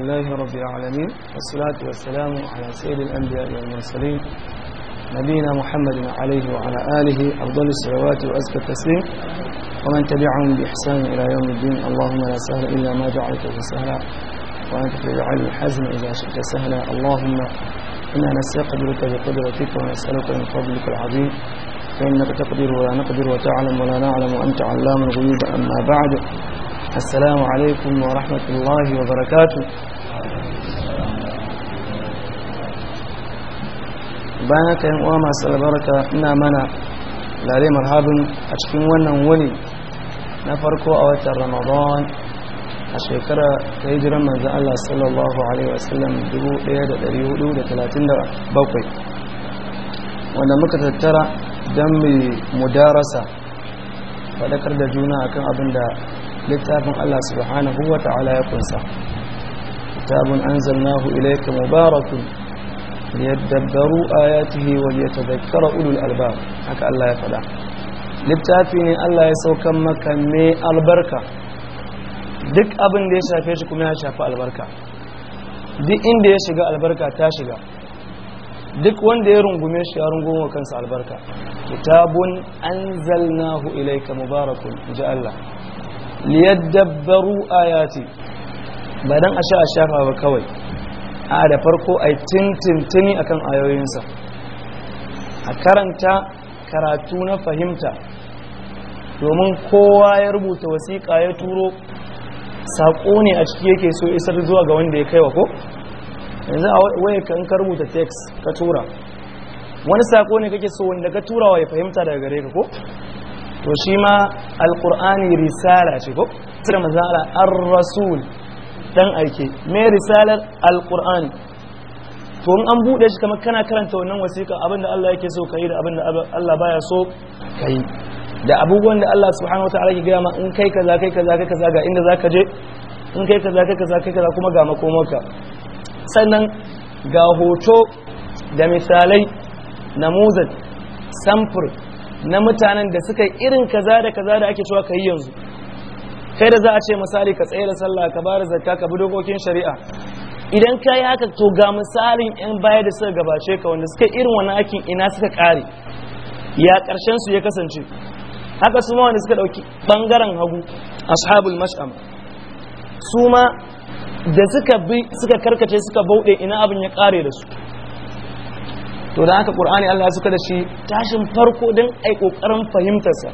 الله رب العالمين والصلاة والسلام على سيد الأنبياء والمرسلين نبينا محمد عليه وعلى آله أفضل الصلوات وأزكى التسليم ومن تبعهم بإحسان إلى يوم الدين اللهم لا سهل إلا ما جعلته سهلا وأنت تجعل الحزن إذا شئت سهلا اللهم إنا نستقدرك بقدرتك ونسألك من فضلك العظيم فإنك تقدر ولا نقدر وتعلم ولا نعلم وأنت علام الغيوب أما بعد السلام عليكم ورحمة الله وبركاته bayan haka yan uwa masu albarka ina mana lare marhabin a cikin wannan wani na farko a watan ramadan a shekara ta hijiran manzan Allah sallallahu alaihi wasallam 1437 wanda muka tattara don mu darasa faɗakar da juna akan abin da littafin Allah subhanahu wa ta'ala ya kunsa kitabun anzalnahu ilayka mubarakun liyadabbaru ayatihi wa liyatadhakkara ulul albab haka Allah ya faɗa littafi ne Allah ya saukan maka mai albarka duk abin da ya shafe shi kuma ya shafi albarka duk inda ya shiga albarka ta shiga duk wanda ya rungume shi ya rungume kansa albarka kitabun anzalnahu ilayka mubarakun ji Allah liyaddabbaru ayati ba dan a sha a shafa ba kawai a da farko a tintintini akan ayoyinsa a karanta karatu na fahimta domin kowa ya rubuta wasiƙa ya turo saƙo ne a ciki yake so isar zuwa ga wanda ya kaiwa ko yanzu a waya kan ka rubuta text ka tura wani saƙo ne kake so wanda ka turawa ya fahimta daga gare ka ko to shi ma alkur'ani risala ce ko tsira mazala an rasul dan aike me risalar alkur'ani to in an bude shi kamar kana karanta wannan wasiƙa abinda Allah yake so kai da abinda Allah baya so kai da abubuwan da Allah subhanahu wataala ya gaya ma in kai kaza kai kaza kai kaza ga inda zaka je in kai kaza kai kaza kai kaza kuma ga makomarka sannan ga hoto da misalai namuzat samfur na mutanen da suka irin kaza da kaza da ake cewa ka yi yanzu kai da za a ce misali ka tsaye da sallah ka bada zakka ka bi dokokin shari'a idan ka yi haka to ga misalin yan baya da suka gabace ka wanda suka irin wani aikin ina suka kare ya karshen su ya kasance haka su ma wanda suka dauki bangaren hagu ashabul mash'am su ma da suka bi suka karkace suka bauɗe ina abin ya kare da su to da haka qur'ani Allah ya suka da shi tashin farko don ai kokarin fahimtarsa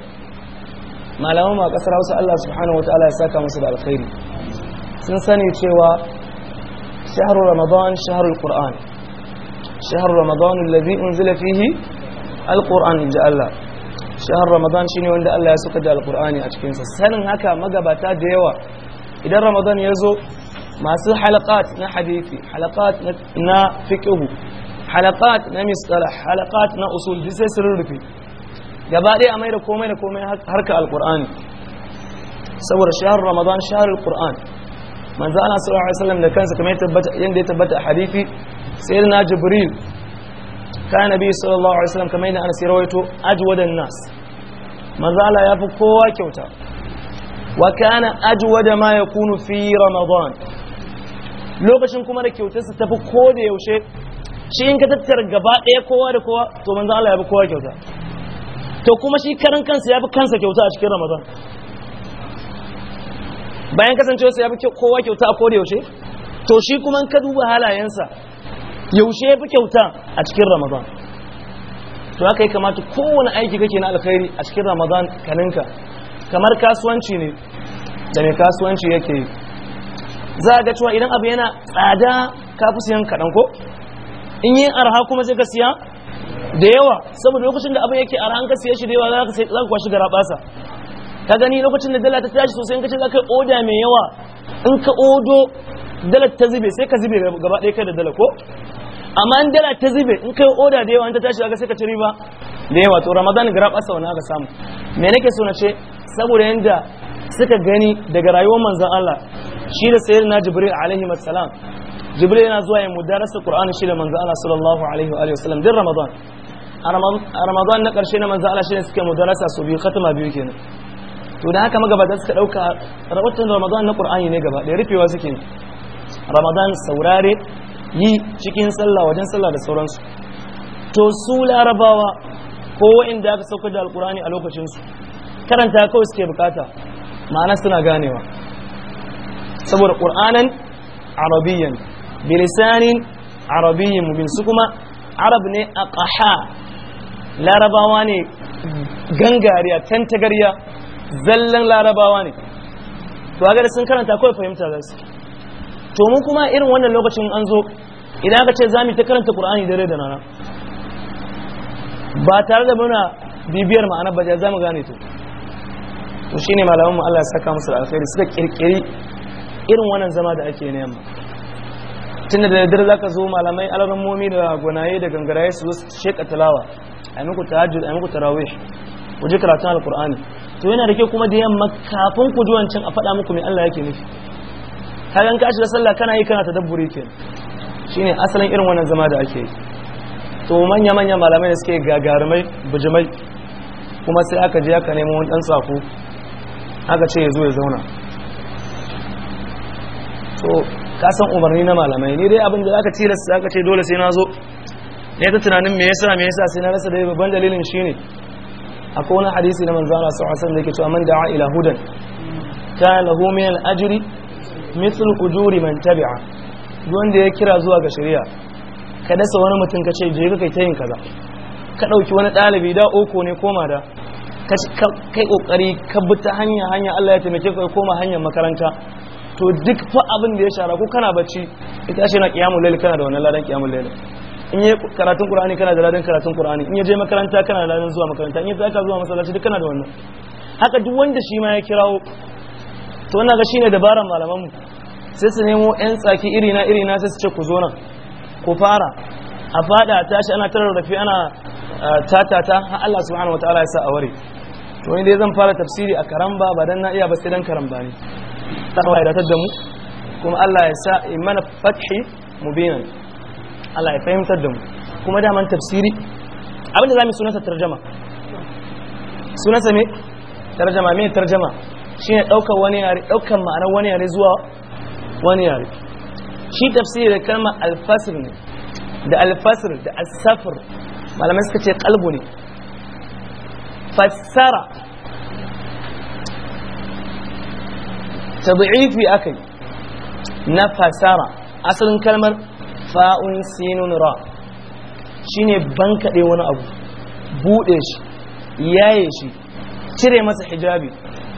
malaman ma kasar Hausa Allah subhanahu wataala ya saka musu da alkhairi sun sani cewa shahru ramadan shahrul qur'an shahru ramadan alladhi unzila fihi alquran inja Allah shahar ramadan shine wanda Allah ya suka da alqur'ani a cikinsa sanin haka magabata da yawa idan ramadan ya zo masu halakat na hadithi halakat na fiqhu حلقات نمي الصلاح حلقات نأصول دي سيسر ركي جبالي أمير كومي لكومي هركة القرآن صور شهر رمضان شهر القرآن من زال صلى الله عليه وسلم لكان كما يتبت يندي تبت حديثي سيدنا جبريل كان نبي صلى الله عليه وسلم كما ان سيرويته أجود الناس من زال يفقوا كوتا وكان أجود ما يكون في رمضان لو بشنكم أنا كيوتس تفقوا دي يوشي shi in ka tattara gaba ɗaya kowa da kowa to manzo Allah ya bi kowa kyauta to kuma shi karan kansa ya bi kansa kyauta a cikin Ramadan bayan kasancewarsa ya bi kowa kyauta a da yaushe to shi kuma in ka duba halayensa yaushe ya bi kyauta a cikin Ramadan to haka ya kamata kowane aiki kake na alkhairi a cikin Ramadan kaninka kamar kasuwanci ne da mai kasuwanci yake yi za a ga cewa idan abu yana tsada ka fi siyan kaɗan ko in yi arha kuma sai ka siya da yawa saboda lokacin da abin yake arha an ka siya shi da yawa za ka sai za ka kwashi garabasa ka gani lokacin da dala ta tashi sosai in ka ce za ka oda mai yawa in ka odo dala ta zube sai ka zube gaba ɗaya kai da dala ko amma in dala ta zube in kai oda da yawa in ta tashi ka sai ka ci riba da yawa to ramadan gara basa wani aka samu me nake so na ce saboda yadda suka gani daga rayuwar manzon Allah shi da sayyidina jibril alaihi salam jibril yana zuwa ya mudarasa qur'ani shi da manzo Allah sallallahu alaihi wa alihi wasallam din ramadan a ramadan na karshe na manzo Allah shi ne suke mudarasa su biyu khatama biyu kenan to da haka magabata suka dauka rabatun ramadan na qur'ani ne gaba da rufewa suke ramadan saurare yi cikin sallah wajen sallah da sauransu to su larabawa ko inda aka sauka da alqur'ani a lokacin su karanta kawai suke bukata ma'ana suna ganewa saboda qur'anan arabiyyan bilisanin arabiyyin mubin su kuma arab ne a ƙaha larabawa ne gangariya tantagariya zallan larabawa ne to a gada sun karanta kawai fahimta za su to mu kuma irin wannan lokacin an zo idan aka ce za mu ta karanta qur'ani dare da rana ba tare da muna bibiyar ma'ana ba za mu gane to to shine malaman mu Allah ya saka musu alkhairi suka kirkiri irin wannan zama da ake nema tun da daddare za ka zo malamai alarammomi da gwanaye da gangaraye su zo sheka talawa a muku tahajjud a muku tarawih ku ji karatun alkur'ani to yana da ke kuma da yamma kafin ku ji wancan a faɗa muku me Allah yake nufi kayan ka shiga sallah kana yi kana tadabburi kenan shine asalin irin wannan zama da ake yi to manya manya malamai da suke gagarumai bujumai kuma sai aka je aka nemo wani dan sako aka ce ya zo ya zauna to ka san umarni na malamai ne dai abin da zaka za ka ce dole sai na zo ne ta tunanin me yasa me yasa sai na rasa dai babban dalilin shine akwai wani hadisi na manzo Allah sallallahu alaihi wasallam da yake cewa man da'a ila hudan kana lahu min al-ajri mithlu ujuri man tabi'a duk wanda ya kira zuwa ga shari'a ka dasa wani mutum ka ce je ka kai ta kaza ka dauki wani dalibi da oko ne koma da kai kokari ka bi ta hanya hanya Allah ya taimake ka koma hanyar makaranta to duk fa abin da ya shara ko kana bacci ita shi na kiyamul layl kana da wannan ladan kiyamul layl in yi karatun qur'ani kana da ladan karatun qur'ani in ya je makaranta kana da ladan zuwa makaranta in ya zaka zuwa masallaci duk kana da wannan haka duk wanda shi ma ya kirawo to wannan ga shine dabaran malaman mu sai su nemo yan tsaki iri na iri na sai su ce ku zo nan ku fara a fada tashi ana tararrafi ana tatata har Allah subhanahu wataala ya sa a ware to inda zan fara tafsiri a karamba ba dan na iya ba sai dan karamba ne ta kawai da da damu. kuma Allah ya sa imana fathi mubinan Allah ya fahimtar da mu kuma daman tafsiri abinda zamu sunanta tarjama Sunanta me tarjama me tarjama shine daukar wani yare daukar ma'anar wani yare zuwa wani yare shi tafsiri da kalmar alfasir ne da alfasir da asafir malamai suka ce kalbu ne fassara tad'ifi akayi na fasara asalin kalmar fa'un sinun ra shine wani abu buɗe shi yaye shi cire masa hijabi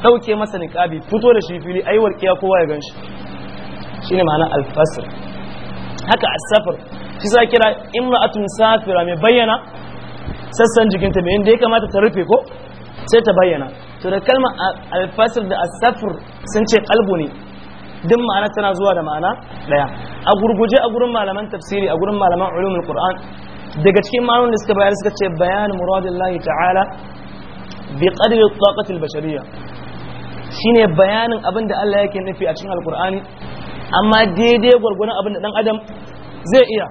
ɗauke masa niƙabi fito da shi fili aiwar kiya kowa ya ganshi shine ma'ana al haka asafar safar shi sa kira imra'atun safira mai bayyana sassan jikinta mai inda ya kamata ta rufe ko sai ta bayyana to da kalmar alfasir da asafir sun ce kalbu ne duk ma'ana tana zuwa da ma'ana daya a gurguje a gurin malaman tafsiri a gurin malaman ulumul qur'an daga cikin ma'anonin da suka bayar suka ce bayan muradillahi ta'ala bi qadri taqati al-bashariyya shine bayanin abin da Allah yake nufi a cikin alqur'ani amma daidai gwargwaron abin da dan adam zai iya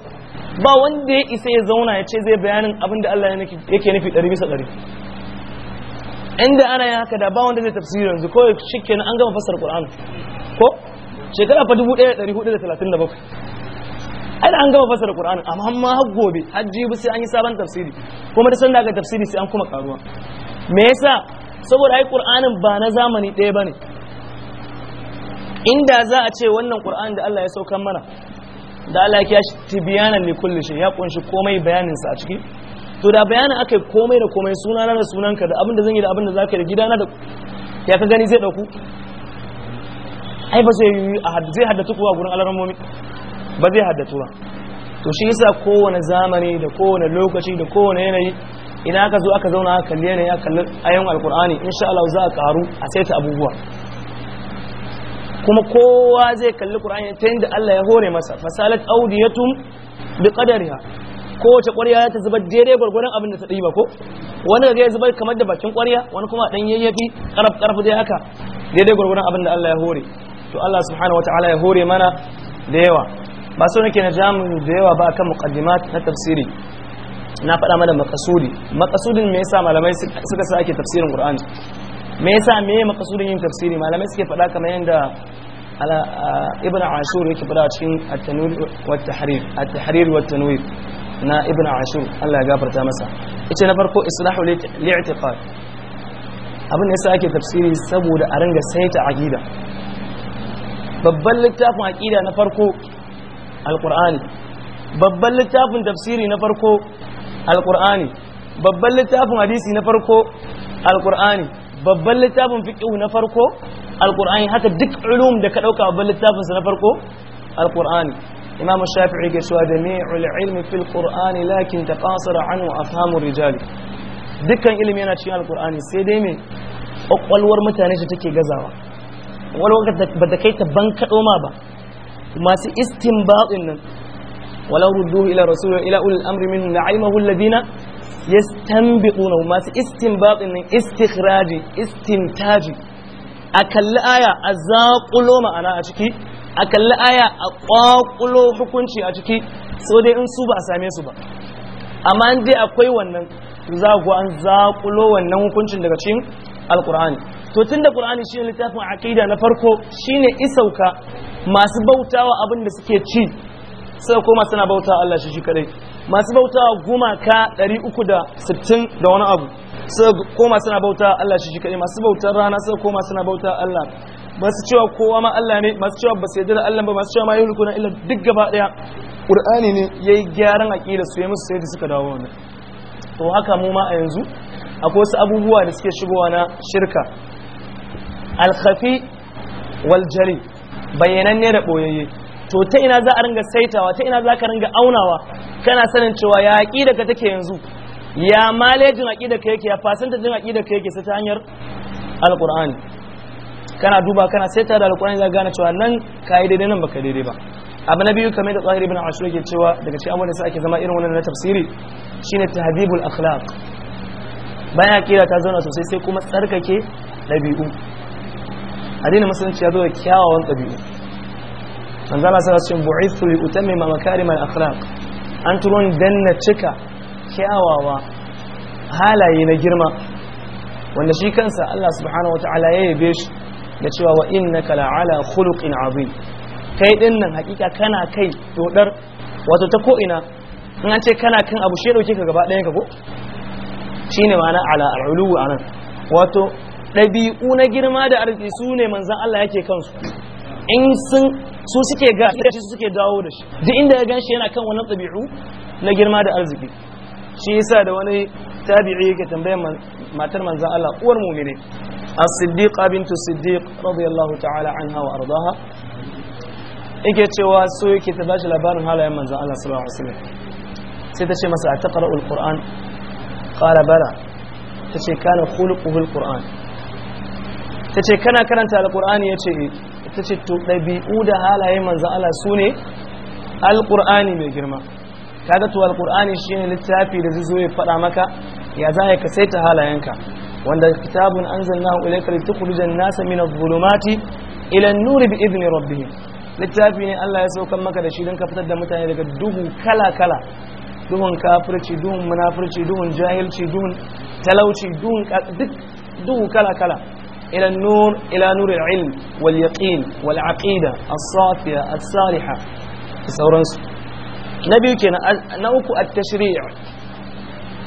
ba wanda ya isa ya zauna ya ce zai bayanin abin da Allah yake nufi ɗari bisa ɗari inda ana yin haka da ba wanda zai tafsiri yanzu ko shikenan an gama fasar Qur'an ko shekara fa 1437 ai an gama fasar Qur'an amma amma har gobe har jibi sai an yi sabon tafsiri kuma da san daga tafsiri sai an kuma karuwa me yasa saboda ai Qur'anin ba na zamani ɗaya bane inda za a ce wannan Qur'an da Allah ya saukar mana da Allah ya kiyashi tibiyanan ne kullu shi ya kunshi komai bayanin sa a ciki to da bayanin aka yi komai da komai suna na da ka da abin da zan yi da abin da za ka yi da gidana da ya ka gani zai ɗauku ai ba zai yi zai haddatu kuwa gurin alarmomi ba zai haddatu ba to shi yasa kowane zamani da kowane lokaci da kowane yanayi idan aka zo aka zauna aka kalli yanayi aka kalli ayon alkur'ani insha Allah za a karu a saita abubuwa kuma kowa zai kalli qur'ani ta yadda Allah ya hore masa fasalat audiyatum biqadariha kowace ya ta zubar daidai gwargwaron abin da ta ɗiba ko wani ga ya zubar kamar da bakin ƙwarya wani kuma ɗan yayyafi ƙarf ƙarf dai haka daidai gwargwaron abin da Allah ya hore to Allah subhanahu wataala ya hore mana da yawa ba so nake na jamu da yawa ba akan muqaddimat na tafsiri na faɗa mana makasudi makasudin me yasa malamai suka sa ake tafsirin Qur'ani me yasa me makasudin yin tafsiri malamai suke faɗa kamar yadda ibn ashur yake faɗa cikin at-tanwir wa tahrir at-tahrir wa tanwir na ibn ashur Allah ya gafarta masa yace na farko islahu li'tiqad abin da yasa ake tafsiri saboda a ringa saita aqida babban littafin aqida na farko alqur'ani babban littafin tafsiri na farko alqur'ani babban littafin hadisi na farko alqur'ani babban littafin fiqh na farko alqur'ani haka duk ulum da ka dauka babban littafin sa na farko alqur'ani imam shafi'i ke cewa jami'ul ilmi fil qur'ani lakin taqasara anhu afhamu rijal dukkan ilimi yana cikin alqur'ani sai dai me kwakwalwar mutane shi take gazawa walwar ba da kai ta bankaɗo ma ba masu istinbatin nan walau rudduhu ila rasul ila ulil amri minhum la'imahu alladhina yastanbiquna masu istinbatin nan istikhraji istintaji a kalli aya a zaƙulo ma'ana a ciki a kalli aya a ƙwaƙulo hukunci a ciki so dai in su ba a same su ba amma in dai akwai wannan za ku an zaƙulo wannan hukuncin daga cikin alƙur'ani to tun da ƙur'ani ne littafin aƙida na farko shine isauka masu bautawa abin da suke ci sai koma suna bauta Allah shi shi kadai masu bauta gumaka 360 da wani abu sai koma suna bauta Allah shi shi kadai masu bautar rana sai koma suna bauta Allah masu cewa kowa ma Allah ne masu cewa ba su yadda da Allah ba masu cewa ma yuhliku na illa duk gaba daya qur'ani ne yayi gyaran aqida su yi musu sai da suka dawo wanda to haka mu ma a yanzu akwai wasu abubuwa da suke shigowa na shirka al-khafi wal jari ne da boyayye to ta ina za a ringa saitawa ta ina za ka ringa aunawa kana sanin cewa ya aqida ka take yanzu ya malejin aqida ka yake ya din aqida ka yake sai ta hanyar alqur'ani kana duba kana seta da alƙur'ani za gane cewa nan ka yi daidai nan baka daidai ba abu na biyu kamar da tsahir ibn ashur yake cewa daga cikin abubuwan da ake zama irin wannan na tafsiri shine tahdibul akhlaq bayan akira ta zauna sosai sai kuma tsarkake ɗabi'u addinin musulunci ya zo da kyawawan ɗabi'u manzo Allah sallallahu alaihi wasallam bu'ithu li utammima makarim al-akhlaq an turon danna dan na cika kyawawa halaye na girma wanda shi kansa Allah subhanahu wataala ya yabe shi da cewa wa kala ala khuluqin azim kai din nan hakika kana kai dodar wato ta ko ina in an ce kana kan abu shi dauke ka gaba ɗayan ka ko shine ma'ana ala al'ulu anan wato ɗabi'u na girma da arziki su ne manzan Allah yake kansu in sun su suke ga shi su suke dawo da shi duk inda ya gan shi yana kan wannan ɗabi'u na girma da arziki shi yasa da wani tabi'i yake tambayar matar manzon Allah uwar mu as-siddiqa bintu siddiq radiyallahu ta'ala anha wa ardaha yake cewa so yake ta bashi labarin halayen manzon Allah sallallahu alaihi wasallam sai ta ce masa ataqra al-qur'an qala bala ta ce kana khuluquhu al-qur'an ta ce kana karanta al-qur'ani yace eh. ta ce to dabi'u da halayen manzon Allah sune al-qur'ani mai girma kaga to al-qur'ani shine littafi da zai zo ya faɗa maka ya za ka saita halayenka wanda kitabun anzalnahu ilayka litukhrijan nasa min adh-dhulumati ila an-nur bi idni rabbihim littafi ne Allah ya saukan maka da shi don ka fitar da mutane daga duhu kala-kala duhun kafirci duhun munafirci duhun jahilci duhun talauci duhun duk duhu kala-kala ila nur ila nur al-ilm wal yaqin wal aqida as-safiya as-saliha sauransu na biyu kenan na uku at-tashri'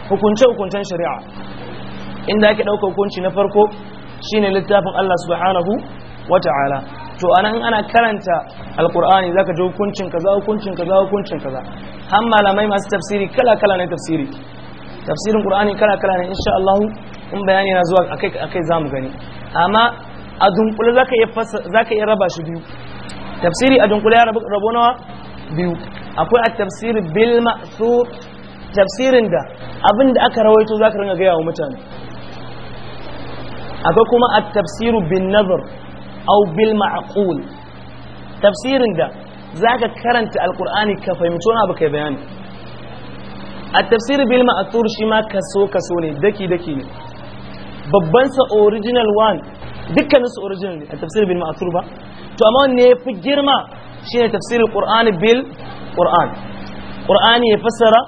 hukunce hukuncen shari'a inda ake ɗauka hukunci na farko shine littafin Allah subhanahu wata'ala to anan ana karanta alqur'ani zaka ji hukuncin kaza hukuncin kaza hukuncin kaza har malamai masu tafsiri kala kala ne tafsiri tafsirin qur'ani kala kala ne insha Allah in bayani na zuwa akai akai zamu gani amma a dunkule zaka iya zaka iya raba shi biyu tafsiri a dunkule ya rabo nawa biyu akwai at-tafsir bil ma'thur tafsirin da abinda aka rawaito zaka ringa ga yawo mutane akwai kuma a tafsiru bin nazar au bil ma'aqul tafsirin da zaka karanta alqur'ani ka fahimci wani abu kai bayani a tafsir bil ma'qul shi ma kaso kaso ne daki daki ne babban sa original one dukkanin su original ne a tafsir bil ma'qul ba to amma wanne fi girma shine tafsir qur'ani bil qur'an qur'ani ya fassara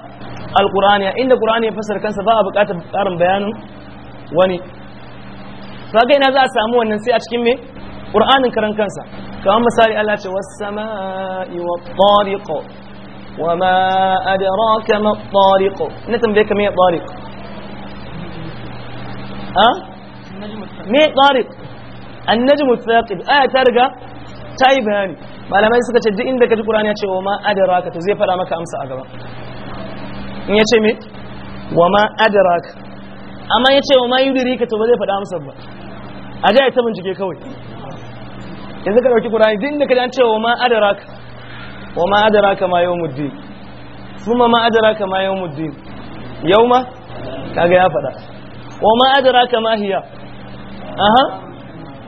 alqur'ani inda qur'ani ya fassara kansa ba a buƙatar ƙarin bayanin wani to ga ina za a samu wannan sai a cikin me qur'anin karan kansa kamar misali Allah ce was sama'i wa tariq wa ma adraka ma tariq ina tambaye ka me tariq ha me tariq an-najm ath-thaqib aya ta riga ta yi bayani malamai suka ce duk inda ka ji qur'ani ya ce wa ma adraka to zai fada maka amsa a gaba in ya ce me wa ma adraka amma ya ce wa ma yudrika to ba zai fada amsa ba a ga ta bincike kawai yanzu ka dauki qur'ani din da ka dan cewa ma adraka wa ma adraka ma muddin. kuma ma adraka ma muddin. Yau ma. kaga ya faɗa. wa ma adraka ma hiya aha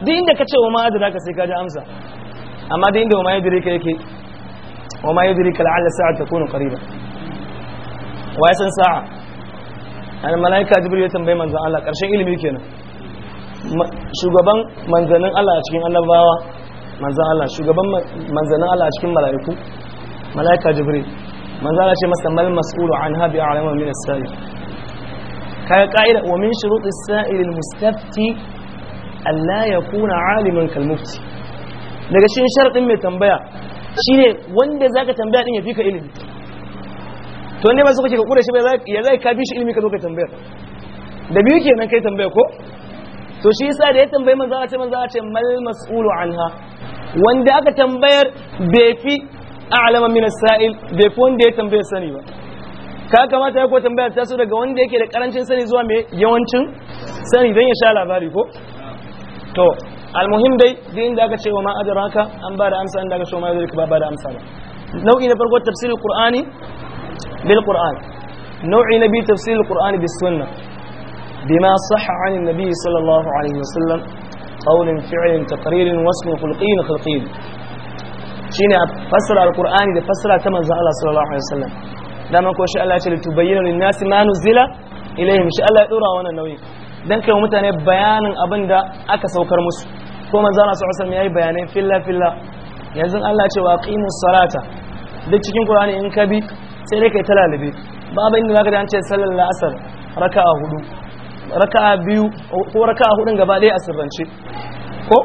din da ka ce wa ma adraka sai ka ji amsa amma din da wa ma yadrika yake wa ma yadrika la'alla sa'a takunu qariba wa yasan sa'a al malaika jibril ya tambaye manzon Allah karshen ilimi kenan shugaban manzanin Allah a cikin annabawa manzan Allah shugaban manzanin Allah a cikin mala'iku mala'ika jibril manzan Allah ce masa mal mas'ulu an habi a'lamu min as-sa'il kaga ka'ida wa min shuruti as-sa'il al-mustafti la yakuna 'aliman kal mufti daga cikin sharadin mai tambaya shine wanda zaka tambaya din ya fika ilimi to ne ba su ce ka kure shi ba ya zai ka bi shi ilimi ka zo ka tambaya da biyu kenan kai tambaya ko to shi yasa da ya tambayi manzo Allah manzo Allah ce mal mas'ulu anha wanda aka tambayar bai fi a'lama min as-sa'il bai fi wanda ya tambaye sani ba ka kamata ya ko tambayar ta so daga wanda yake da karancin sani zuwa mai yawancin sani dan ya sha labari ko to almuhim dai din da aka ce wa ma adraka an ba da amsa inda aka so ma zai ka ba da amsa ba nau'i na farko tafsirul qur'ani bil qur'an nau'i na bi tafsirul qur'ani bis sunnah بما صح عن النبي صلى الله عليه وسلم قول فعل تقرير واسم خلقي خلقي shine a fassara alkur'ani da fassara ta manzon sallallahu alaihi wasallam dama ko Allah ya ce litubayyana lin-nasi ma nuzila ilaihim shi Allah ya dora wannan nauyi dan kai mutane bayanin abin aka saukar musu ko manzon Allah sallallahu alaihi wasallam yayi bayanai filla filla yanzu Allah ya ce wa aqimus salata duk cikin Qur'ani in ka bi sai dai kai talalibi babu inda zaka da sallar asar raka'a hudu raka'a biyu ko raka'a hudun gaba ɗaya a sirrance ko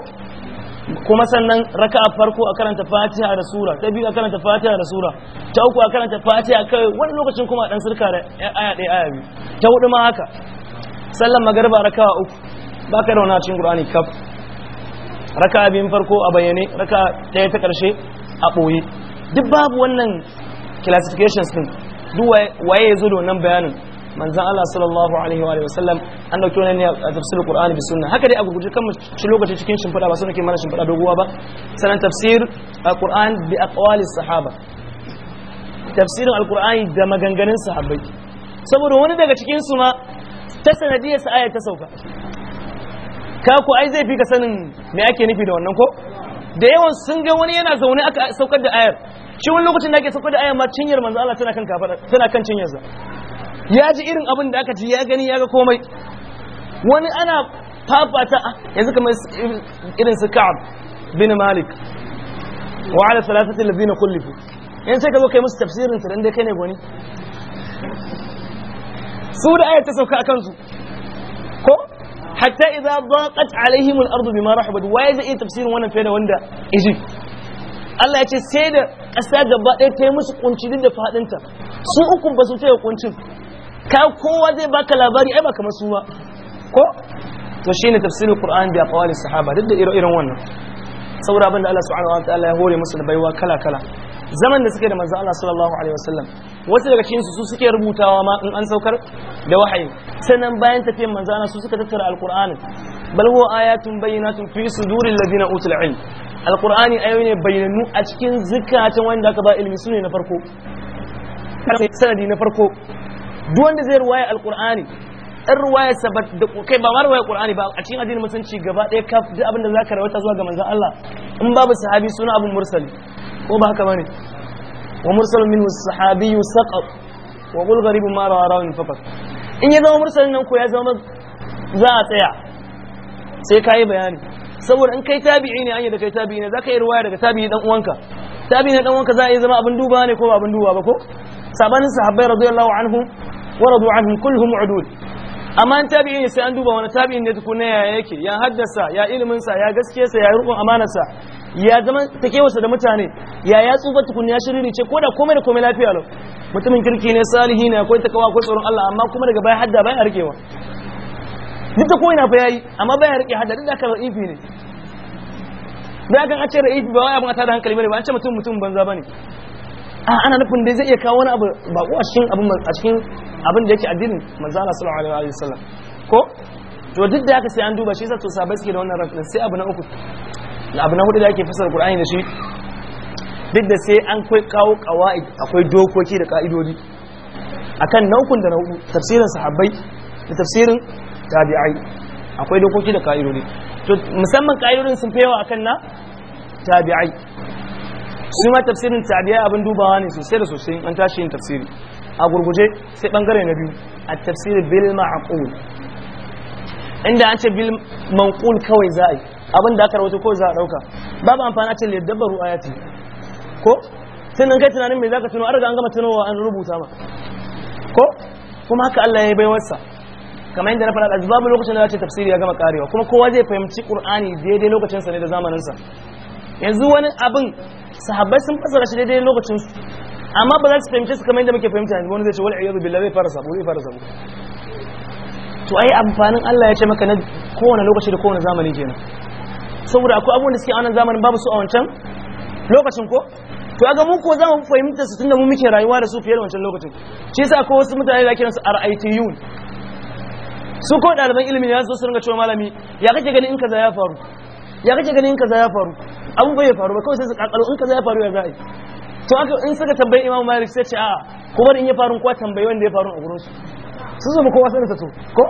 kuma sannan raka'a farko a karanta fatiha da sura ta biyu a karanta fatiha da sura ta uku a karanta fatiha kai wani lokacin kuma dan sirka da aya ɗaya aya biyu ta hudu ma haka sallan magariba raka'a uku baka da wani cikin qur'ani kaf raka'a biyun farko a bayyane raka'a ɗaya ta ƙarshe a ɓoye duk babu wannan classifications din duk waye ya zo da wannan bayanin manzon Allah sallallahu alaihi wa sallam an dauki wannan ne a tafsirin qur'ani bi sunna haka dai a gurguje kan shi lokaci cikin shimfiɗa ba sunan ke mana shimfiɗa doguwa ba sanan tafsir qur'an bi aqwali sahaba tafsirin alqur'ani da maganganun sahabbai saboda wani daga cikin su ma ta sanadiyar sa aya ta sauka ka ku ai zai fi ka sanin me ake nufi da wannan ko da yawan sun ga wani yana zaune aka saukar da ayar shi wani lokacin da ake saukar da ayar ma cinyar manzo Allah tana kan kafada tana kan cinyarsa ya ji irin abin da aka ci ya gani ya ga komai wani ana fafata ah, yanzu kamar irin su ka'ab bin malik wa ala salatati allazina kullifu yanzu sai ka zo kai musu tafsirin su dan dai kai ne gwani su da ayat ta sauka akan su ko hatta idza daqat alaihim al-ard bima rahabat wa yaza iya tafsirin wannan fiye da wanda iji Allah ya ce sai da ƙasa gaba ɗaya ta yi musu kunci duk da faɗinta su uku ba su taya kuncin ka kowa zai baka labari ai ba kamar su ba ko to shine tafsirin qur'an da aqwali sahaba duk da irin wannan saboda abin da Allah subhanahu wa ta'ala ya hore musu da baiwa kala kala zaman da suke da manzo Allah sallallahu alaihi wasallam wasu daga cikin su suke rubutawa ma in an saukar da wahayi sannan bayan tafiyan manzo Allah su suka tattara alqur'ani bal huwa ayatun bayyinatun fi suduril ladina utul ilm alqur'ani ayoyi ne bayyanannu a cikin zukatan wanda aka ba ilmi sune na farko sanadi na farko duk wanda zai ruwaya alkur'ani in ruwaya sabat da kai ba ma ruwaya alkur'ani ba a cikin addinin musulunci gaba ɗaya kaf duk abin da zaka rawata zuwa ga manzon Allah in babu sahabi suna abun mursali ko ba haka bane wa mursalun minhu sahabi saqat wa qul gharibun ma rawa rawin faqat in ya zama mursalin nan ko ya zama za a tsaya sai ka yi bayani saboda in kai tabi'i ne an da kai tabi'i ne za ka yi ruwaya daga tabi'i dan uwanka tabi'i ne dan uwanka za a yi zama abin duba ne ko ba abin duba ba ko sabanin sahabbai radiyallahu anhu ورضوا عنه كلهم udud amma an tabi'in sai an duba wani tabi'in ne tukuna ya yake ya haddasa ya ilimin sa ya gaskiya sa ya rubun amanar sa ya zama takewarsa da mutane ya ya tsufa tukuna ya shiriri ce koda komai da komai lafiya lau mutumin kirki ne salihi ne akwai takawa akwai tsoron Allah amma kuma daga baya hadda baya rikewa duk da koyi na fa yayi amma baya rike hadda duk da ka ra'ifi ne da kan a ce ra'ifi ba wai abin a tada hankali bane ba an ce mutum mutum banza bane a ah, ana nufin dai zai iya kawo wani abu ba a cikin abin a cikin da yake addinin manzo Allah sallallahu alaihi wasallam ko to duk da haka sai an duba shi yasa to sabai suke da wannan rafin sai abu na uku da abu na hudu da yake fasar Qur'ani da shi duk da sai an kai kawo qawaid akwai dokoki da ka'idodi akan naukun da na hudu tafsirin sahabbai da tafsirin tabi'ai akwai dokoki da ka'idodi to musamman ka'idodin sun fi yawa akan na tabi'ai shi ma tafsirin tabi'a abin dubawa ne sosai da sosai an tashi yin tafsiri a gurguje sai bangare na biyu a tafsiri bil ma'qul inda an ce bil manqul kawai za a yi abin da aka rawaito kawai za a dauka babu amfani a ce lidabbaru ayati ko tunan kai tunanin me zaka tuno an riga an gama tunowa an rubuta ma ko kuma haka Allah ya yi baiwarsa kamar yadda na faɗa azbabu lokacin da ce tafsiri ya gama karewa kuma kowa zai fahimci qur'ani daidai lokacin sa ne da zamanin sa yanzu wani abin sahabbai sun fasara shi daidai lokacin su amma ba za su fahimce su kamar yadda muke fahimta yanzu wani zai ce wal iyadu billahi zai fara sabo zai fara sabo to ai amfanin Allah ya ce maka na kowane lokaci da kowane zamani kenan saboda akwai abubuwan da suke a wannan zamanin babu su a wancan lokacin ko to ga mu ko za mu fahimta su tunda mu muke rayuwa da su fiye da wancan lokacin shi yasa akwai wasu mutane da kiransu RITUn su ko ɗaliban ilimi ya so su ringa cewa malami ya kake ganin in kaza ya faru ya kake ganin kaza ya faru abun bai faru ba kawai sai su kakalo in kaza ya faru ya za yi to aka in suka tambayi imam malik sai ce a kuma in ya faru kuwa tambayi wanda ya faru a gurin su sun zama kowa sanin sa to ko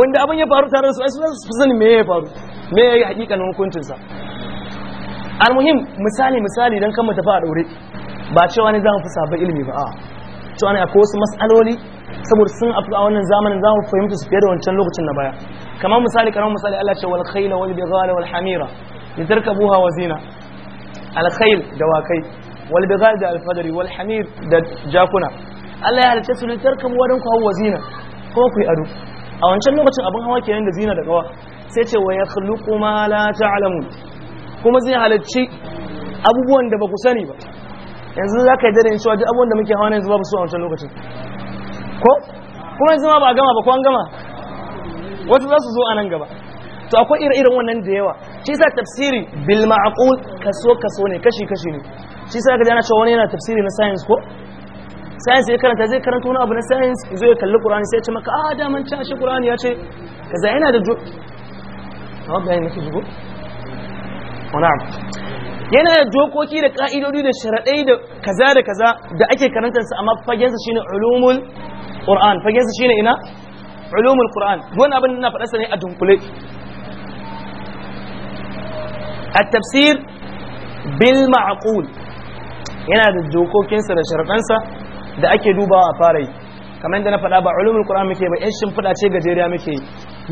wanda abun ya faru tare da su ai su sanin me ya faru me ya yi hakikanin hukuncin sa almuhim misali misali dan kan mu tafi a daure ba cewa ne za fi sabbin ilimi ba a'a cewa ne akwai wasu matsaloli saboda sun afu a wannan zamanin za mu fahimta su fiye da wancan lokacin na baya kamar misali kamar misali Allah ce wal khayla wal bighala wal hamira litarkabuha wa zina al khayl wakai wal bighal da al fadri wal hamir da jakuna Allah ya halitta su litarkabu wa dan ku hawa zina ko ku yi ado a wancan lokacin abin hawa kenan da zina da gawa sai ce wa yakhluqu ma la ta'lamun kuma zai halicci abubuwan da ba ku sani ba yanzu za ka yi dare cewa duk abubuwan da muke hawa yanzu babu su a wancan lokacin ko kuma yanzu ma ba a gama ba ko an gama wasu za su zo a nan gaba to akwai ire-iren wannan da yawa shi sa tafsiri bil ma'qul kaso kaso ne kashi kashi ne shi sa ka jana cewa wani yana tafsiri na science ko science ya karanta zai karanta wani abu na science zo ya kalli qur'ani sai ya ce maka a ah, da man ci shi qur'ani ya ce kaza yana da jo wani abu yana da dokoki da ka'idodi da sharaɗai da kaza da kaza da ake karantarsa amma fagensa shine ulumul qur'an fagensa shine ina ulumul qur'an wannan abin na faɗa ne a dunkule at-tafsir bil ma'qul yana da dokokinsa da sharaɗansa da ake dubawa a fara yi kamar yadda na faɗa ba ulumul qur'an muke ba yan shimfiɗa ce gajeriya muke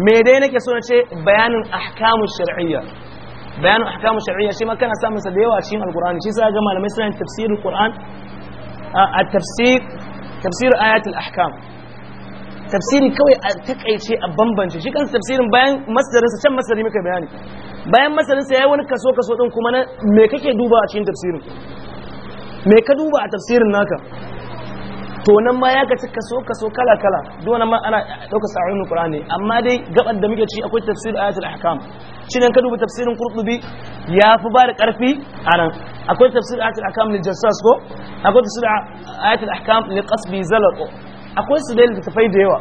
me dai nake so na ce bayanin ahkamu shar'iyya bayan ahkamu shar'iyya shi ma kana samun sa da yawa cikin alqur'ani shi sai ga malamai suna tafsir alqur'an a tafsir tafsir ayatul ahkam tafsiri kawai a takaice a bambance shi kansa tafsirin bayan masarinsa sa can masdari muka bayani bayan masarinsa ya yi wani kaso kaso din kuma na me kake duba a cikin tafsirin me ka duba a tafsirin naka to nan ma ya kaci kaso kaso kala kala dole ma ana dauka sa'un qur'ani amma dai gaban da muke ci akwai tafsir ayatul ahkam shi an ka duba tafsirin qurtubi ya fi ba da karfi anan akwai tafsir ayatul ahkam lil jassas ko akwai tafsir ayatul ahkam lil qasbi zalaqo akwai su da littafai da yawa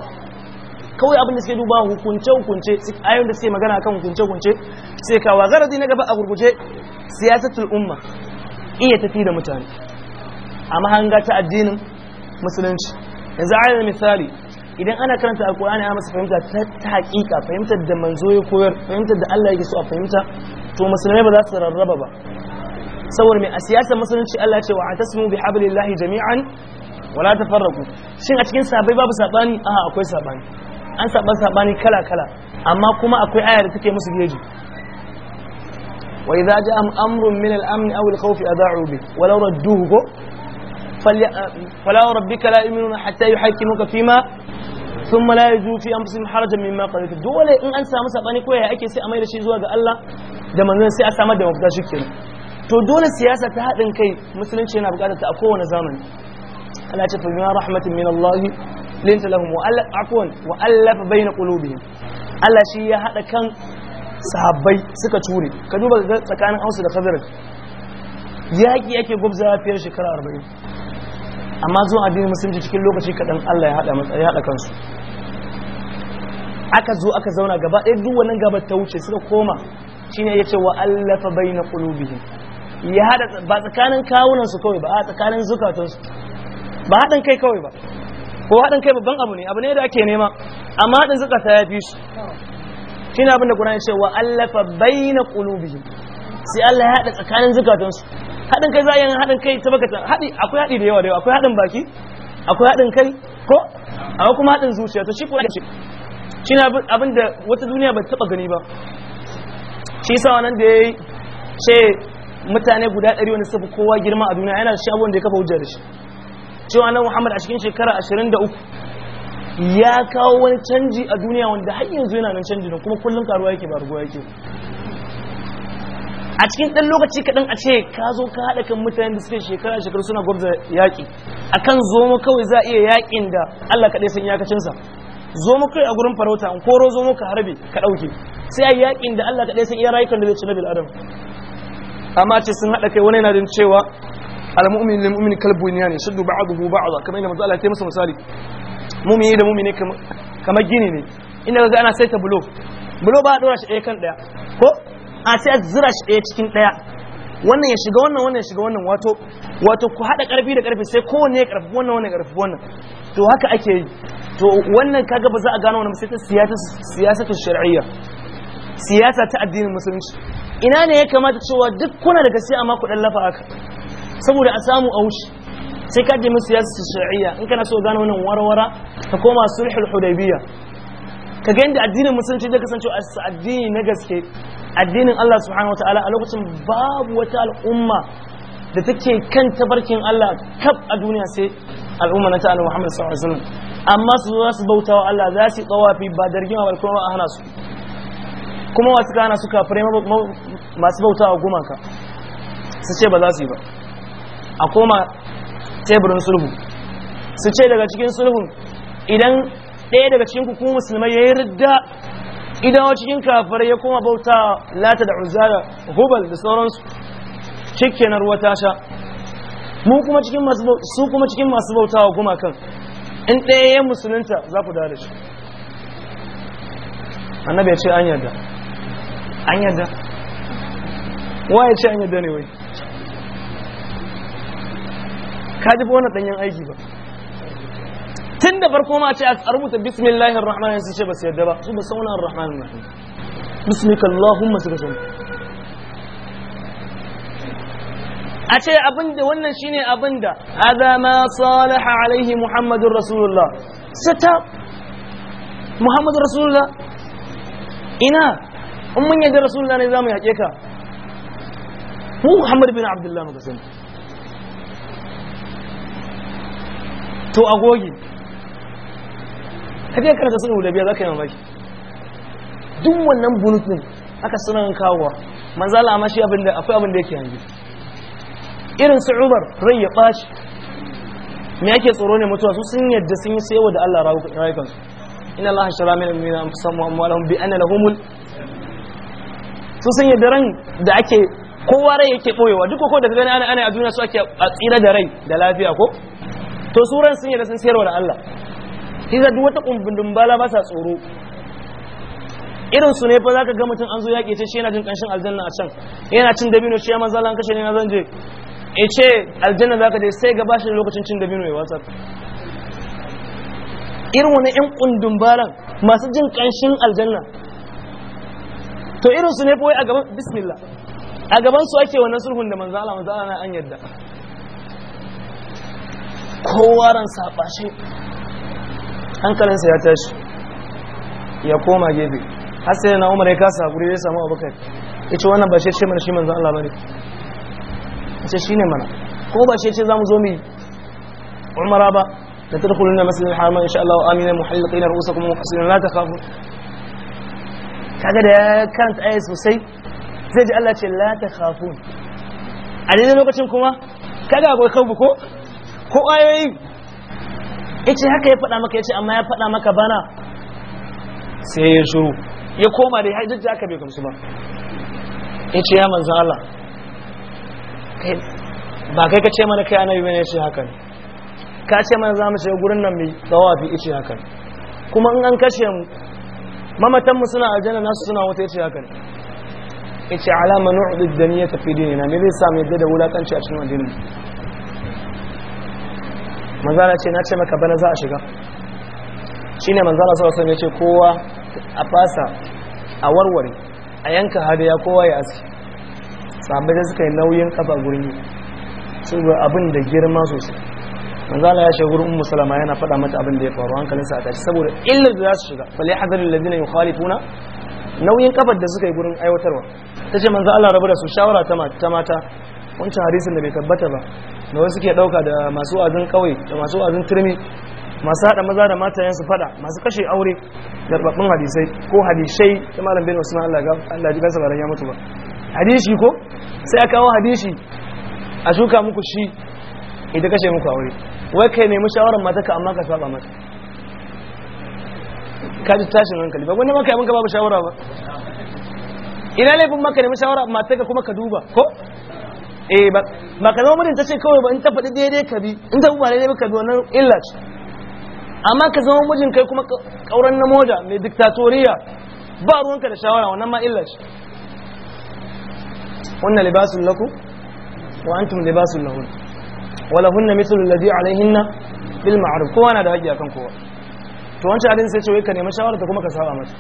kawai abin da suke duba hukunce hukunce ayoyin da suke magana kan hukunce hukunce sai kawa garadi na gaba a gurguje siyasatul umma iya tafi da mutane a mahanga ta addinin musulunci yanzu ayyana misali idan ana karanta alkur'ani a masa fahimta ta hakika fahimtar da manzo ya koyar fahimtar da Allah yake so a fahimta to musulmai ba za su rarraba ba saboda mai a siyasar musulunci Allah ce wa atasmu bi hablillahi jami'an wala tafarraqu shin a cikin sabai babu sabani a akwai sabani an saba sabani kala kala amma kuma akwai aya da take musu geji wa idza ja'a amrun min al-amn aw al-khawf adha'u bi walau radduhu فلا ربك لا يؤمنون حتى يحكموك فيما ثم لا يجوا في انفسهم حرجا مما قضيت dole in an samu sabani ko yaya ake sai a mai da shi zuwa ga Allah da manzon sai a samar da mafita shikenan to dole siyasa ta haɗin kai musulunci yana buƙatar ta a kowane zamani Allah ya ce fa bima rahmatin min Allah linta lahum wa afwan wa allafa baina qulubihim Allah shi ya haɗa kan sahabbai suka ture ka duba tsakanin Hausa da Khazraj yaƙi yake ya fiye da shekara arba'in amma zuwa addinin musulunci cikin lokaci kaɗan allah ya haɗa kansu aka zo aka zauna gaba ɗaya duk wannan gaba ta wuce suka koma shine ya ce wa allafa na qulubihim ya haɗa ba tsakanin kawunan su kawai ba a tsakanin zukatun su ba haɗin kai kawai ba ko haɗin kai babban abu ne abu ne da ake nema amma haɗin zukata ya fi su shine abin da Qur'ani ya ce wa allafa na qulubihim sai Allah ya haɗa tsakanin zukatun su haɗin kai za a yi haɗin kai ta baka haɗi akwai haɗi da yawa da yawa akwai haɗin baki akwai haɗin kai ko akwai kuma haɗin zuciya to shi ko shi shi na abin da wata duniya ba taɓa gani ba shi sa wannan da ya ce mutane guda ɗari wanda suka kowa girma a duniya yana shi abubuwan da ya kafa hujjar shi cewa nan muhammad a cikin shekara ashirin da uku ya kawo wani canji a duniya wanda har yanzu yana nan canji da kuma kullum karuwa yake ba ruguwa yake a cikin ɗan lokaci kaɗan a ce ka zo ka haɗa kan mutane da suke shekara shekaru suna gwamza yaƙi a kan zomo kawai za a iya yaƙin da Allah kaɗai san iyakacinsa zomo kai a gurin farauta an koro zomo ka harbe ka ɗauke sai a yaƙin da Allah kaɗai san iya rayukan da zai ci na bil'adam amma ce sun haɗa kai wani yana jin cewa al-mu'min lil mu'min ne, bunyan yashuddu ba'dahu ba'dha kamar ina manzo Allah ya masa misali mu'mini da mu'mini kamar gini ne inda ga ana saita bulo bulo ba a dora shi ɗaya kan ɗaya ko a sai a zira shi ɗaya cikin ɗaya wannan ya shiga wannan wannan ya shiga wannan wato wato ku haɗa ƙarfi da ƙarfi sai kowanne ya ƙarfi wannan wannan ƙarfi wannan to haka ake yi to wannan kaga ba za a gano wannan sai ta siyasa ta shar'iyya siyasa ta addinin musulunci ina ne ya kamata cewa duk kuna da gaskiya amma ku dan lafa haka saboda a samu a wuce sai ka je musu siyasa shar'iyya in kana so gano wannan warwara ka koma sulhul hudaybiyya Ka ga yadda addinin musulunci zai kasance addini na gaske addinin Allah subhanahu wataala a lokacin babu wata al'umma da take kan tabarkin Allah kaf a duniya sai al'umma na ta'ala Muhammad sallallahu alaihi wasallam amma su zo su bauta wa Allah za su tsawafi ba rigima ba kuma a hana su kuma wasu kana su kafirai masu bauta wa gumaka su ce ba za su yi ba a koma teburin sulhu su ce daga cikin sulhun idan ɗaya daga cikin ku musulmai ya yi ridda idan cikin kafar ya koma bauta lata da uzara hubal da sauransu cikin ruwa ta sha mu kuma cikin masu su kuma cikin masu bautawa kuma kan in ɗaya ya musulunta za ku dare shi annabi ya ce an yarda an yarda wa ya ce an yarda ne wai ka ji ba wannan danyen aiki ba tun da farko ma ce a rubuta bismillahir rahmanir sun ce ba su yadda ba su ba sauna rahmanir rahim bismika allahumma suka san a ce abinda wannan shine abinda hada ma salaha alaihi muhammadur rasulullah sata muhammadur rasulullah ina in mun yadda rasulullah ne za mu yaƙe ka mu muhammad bin abdullahi muka sani to agogi ka je karanta sulhu da biya za ka yi mamaki duk wannan bunut aka sunan kawowa manzala amma shi abin da akwai abin da yake yanzu irin su umar rai ya ɓaci me yake tsoro ne mutuwa su sun yadda sun yi sayo da Allah su. inna Allah shara min amina anfusahum wa amwalahum bi anna lahum su sun yadda ran da ake kowa rai yake boyewa duk ko da gani ana ana a duniya su ake a tsira da rai da lafiya ko to su ran sun yadda sun sayarwa da Allah shi duk wata kumbin dumbala ba sa tsoro irin su ne fa zaka ga mutum an zo yaƙi ce shi yana jin ƙanshin aljanna a can yana cin dabino shi ya manzo Allah kashe ne na zan je e ce aljanna zaka je sai ga bashi lokacin cin dabino ya wasa. irin wani ƴan kundin balan masu jin ƙanshin aljanna to irin su ne fa a gaban bismillah a gaban su ake wannan sulhun da manzo Allah manzo Allah an yadda kowa ran shi. hankalinsa ya tashi ya koma gefe har sai na umar ya kasa hakuri ya samu abubakar ya ce wannan ba shi ce mana shi manzan Allah bane ya ce shi ne mana ko ba shi ce za mu zo mu umara ba da tarkulun na masjidin harman insha Allah amina muhalliqin ru'usakum muqassirin la takhafu kaga da karanta aya sosai zai ji Allah ce la takhafun a daidai lokacin kuma kaga akwai kabu ko ko ayoyi ce haka ya faɗa maka ya ce amma ya faɗa maka bana sai ya shiru ya koma da ya da aka bai gamsu ba ya ce ya manzo Allah ba kai ka ce mana kai annabi bane ce haka ne ka ce mana mu shiga gurin nan mai ya ce haka ne kuma in an kashe mu mamatan mu suna aljanna nasu suna wata ya ce haka ne yace alama nu'ud ad-daniyata fi dinina me zai sa mu yadda da wulakanci a cikin addinin manzana ce na ce maka bana za a shiga shi ne manzana sau wasallam ce kowa a fasa a warware a yanka hadiya kowa ya aski sami da suka yi nauyin kafa gurin yi saboda abin da girma sosai manzana ya shiga gurin ummu salama yana faɗa mata abin da ya faru hankalinsa a tashi saboda illar da za su shiga fal yahdharu alladhina tuna nauyin kafar da suka yi gurin aiwatarwa ta ce manzana Allah rabu da su shawara ta mata wancan hadisin da bai tabbata ba da wasu ke dauka da masu azin kawai da masu azin turmi masu hada maza da matayen su fada masu kashe aure da babbun hadisai ko hadisai ta malam bin usman Allah ga Allah ji kansa baran ya mutu ba hadisi ko sai aka kawo hadisi a shuka muku shi idan kashe muku aure wai kai nemi shawaran mataka amma ka saba mata ka ji tashin hankali ba wani maka abinka babu shawara ba ina laifin maka nemi shawara mataka kuma ka duba ko eh ba ba ka zama mijin ta ce kawai ba in ta faɗi daidai ka bi in ta ba daidai ka bi wannan illa ce amma ka zama mijin kai kuma kauran na moja mai diktatoriya ba ruwanka da shawara wannan ma illa ce wannan libasun laku wa antum libasun lahun wala hunna mithlu alladhi alaihinna bil ma'ruf kowa na da haƙƙi akan kowa to wancan hadin sai ce wai ka nemi shawara ta kuma ka saba mata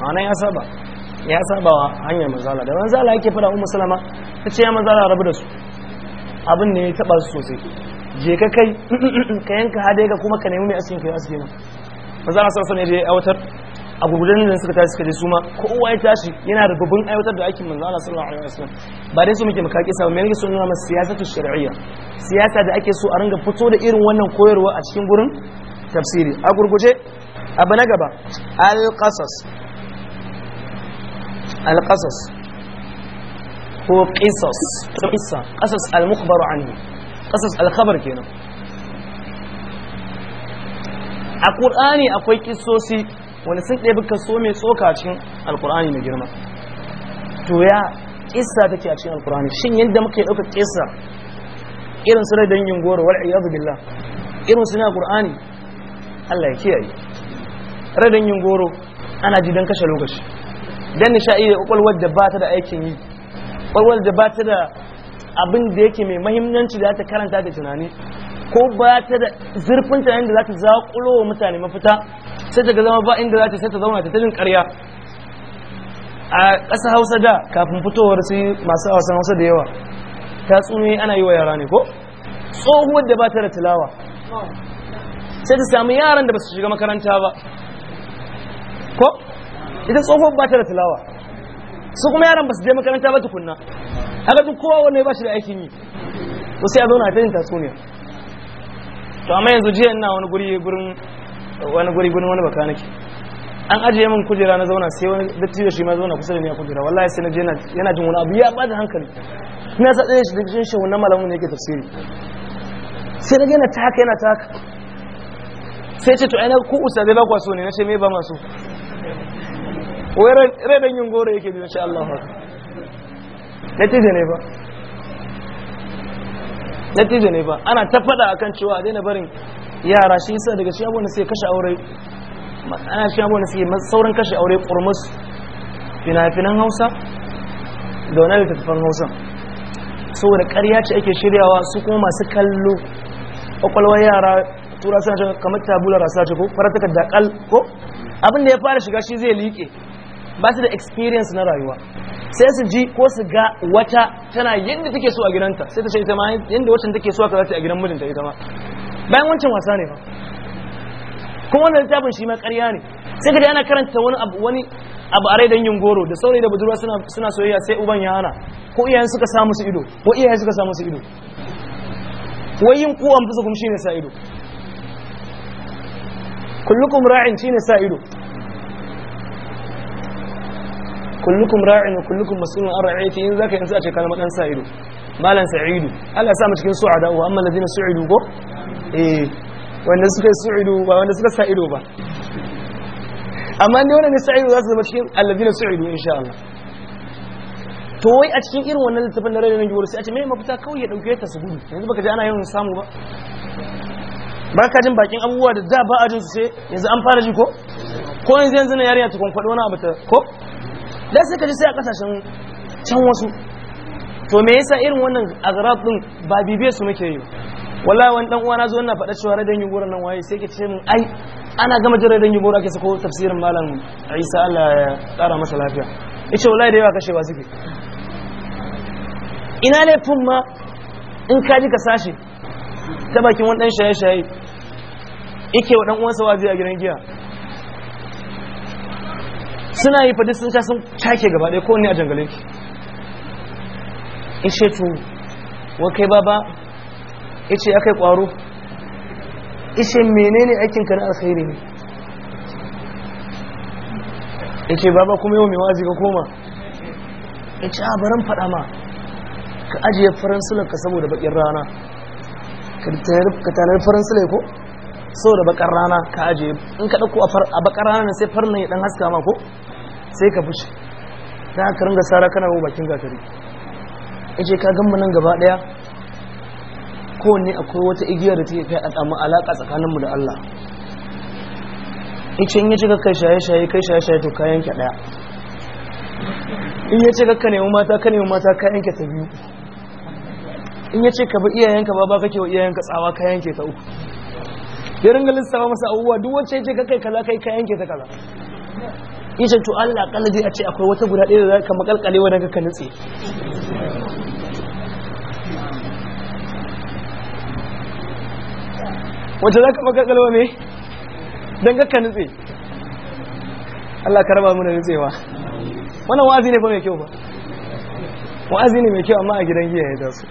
ma'ana ya saba ya saba wa hanyar manzala da manzala yake fada ummu salama ta ce ya manzala rabu da su abin ne ya taba su sosai je ka kai ka yanka hade ka kuma ka nemi mai asirin kai asirin manzala sallallahu ne da ya aiwatar a gugulan da suka tashi suka je suma kowa ya tashi yana da babban aiwatar da aikin manzo Allah sallallahu alaihi wasallam ba dai su muke makaki sa mai nake su nuna masa siyasatu shar'iyya siyasa da ake so a ringa fito da irin wannan koyarwa a cikin gurin tafsiri a gurguje abu na gaba al-qasas alƙasas ko ƙisas ƙisa ƙasas al-mukhbaru anhu ƙasas al-khabar kenan a ƙur'ani akwai ƙisosi wanda sun ɗaya kaso mai tsoka cikin alƙur'ani mai girma to ya ƙisa take a cikin alƙur'ani shin yadda muka ɗauka ƙisa irin su na goro wal iyadu billah irin su na ƙur'ani Allah goro ana ji don kashe lokaci dan nishaɗi da kwakwalwar da ba ta da aikin yi kwakwalwar da ba ta da abin da yake mai mahimmanci da ta karanta da tunani ko ba ta da zurfin tunanin da za ta zaƙulo wa mutane mafita sai ta zama ba inda za ta sai ta zauna ta tajin ƙarya a ƙasa hausa da kafin fitowar su masu hausa hausa da yawa ta ana yi wa yara ne ko tsohuwar da ba ta da tilawa sai ta sami yaran da ba su shiga makaranta ba ko ita tsohon ba ta da tilawa su kuma yaran ba su je makaranta ba tukunna haka duk kowa wani ba shi da aikin yi to sai a zauna a yin tatsuniya to amma yanzu jiya ina wani guri gurin wani guri gurin wani baka nake an ajiye min kujera na zauna sai wani dattijo shi ma zauna kusa da ni a kujera wallahi sai na je yana jin wani abu ya bada hankali ina sa tsaye shi da jin shawun na malamin ne yake tafsiri sai na gina ta taka yana taka sai ce to ai na ku zai ba kwa so ne na ce me ba masu wai rai dan yin goro yake da shi Allah natija ne ba natija ne ba ana ta faɗa a kan cewa a daina barin yara shi sa daga shi abubuwan da suke kashe aure ana shi abubuwan da saurin kashe aure kurmus fina-finan hausa da wani littattafan hausa saboda ƙarya ce ake shiryawa su kuma masu kallo ƙwaƙwalwar yara tura suna kamar tabula rasa ce ko fara takardar kal ko abin da ya fara shiga shi zai liƙe ba su da experience na rayuwa sai su ji ko su ga wata tana yadda take so a gidanta sai ta ce ita ma yadda wacce take so a za a gidan mijinta ita ma bayan wancan wasa ne ba kuma wannan littafin shi ma ƙarya ne sai ka ana karanta wani abu wani abu a rai dangin goro da saurayi da budurwa suna soyayya sai uban ya hana ko iyayen suka samu su ido ko iyayen suka samu su ido wai yin kuwan fusa kuma shine sa ido kullukum ra'in shine sa ido kullukum ra'in wa kullukum mas'ulun an ra'ayati in zaka yanzu a ce kalmar dan sa'idu malan sa'idu Allah ya sa mu cikin su'ada wa amma ladina su'idu go eh wanda suka su'idu ba wanda suka sa'idu ba amma ne wannan sa'idu za su zama cikin alladina su'idu insha Allah to wai a cikin irin wannan littafin da rayuwar jiwar sai a ce me mafita kawai ya dauke ta su gudu yanzu baka ji ana yawan samu ba ba ka jin bakin abubuwa da da ba a jin su sai yanzu an fara ji ko ko yanzu yanzu na yarinya ta kwankwado wani abu ta ko da suka ji sai a kasashen can wasu to me yasa irin wannan agrab din ba bibiye su muke yi wallahi wani dan uwa na zo na faɗa cewa radan yugura nan waye sai ke ce min ai ana gama jira radan yugura ke sako tafsirin malam Isa Allah ya tsara masa lafiya yace wallahi da yawa kashewa suke ina ne fun ma in ka ji ka sashi ta bakin wani dan shaye-shaye yake wa dan uwansa wazi a gidan giya suna yi fadi sun sha sun take gaba ɗaya kowanne a jangale ki ishe to wa kai baba ishe akai ƙwaro ishe menene aikin ka na alkhairi ne yace baba kuma yau mai wazi ka koma yace a baran faɗa ma ka ajiye faransulan ka saboda bakin rana ka tanar faransulai ko saboda bakar rana ka ajiye in ka ɗauko a bakar rana sai farnan ya ɗan haska ma ko sai ka fushi ta aka ringa sara kana wa bakin gatari ya ce ka gamba nan gaba daya kowanne akwai wata igiyar da take kai a samu alaƙa tsakaninmu da Allah ice in ya ce ka kai shaye-shaye kai shaye-shaye to kayan ka daya in ya ce ka nemi mata ka nemi mata kayan ka ta biyu in ya ce ka bi iyayenka ba ba kake wa iyayenka tsawa kayan ke ta uku ya ringa lissafa masa abubuwa duk wacce ya ce ka kai kaza kai kayan ke ta kaza yace to Allah akalla zai a ce akwai wata guda ɗaya da zaka makalkale wa daga ka nutse wacce zaka makalkale wa me dan ga ka nutse Allah ka raba mu nutsewa wannan wa'azi ne fa mai kyau ba wa'azi ne mai kyau amma a gidan giya ya zasu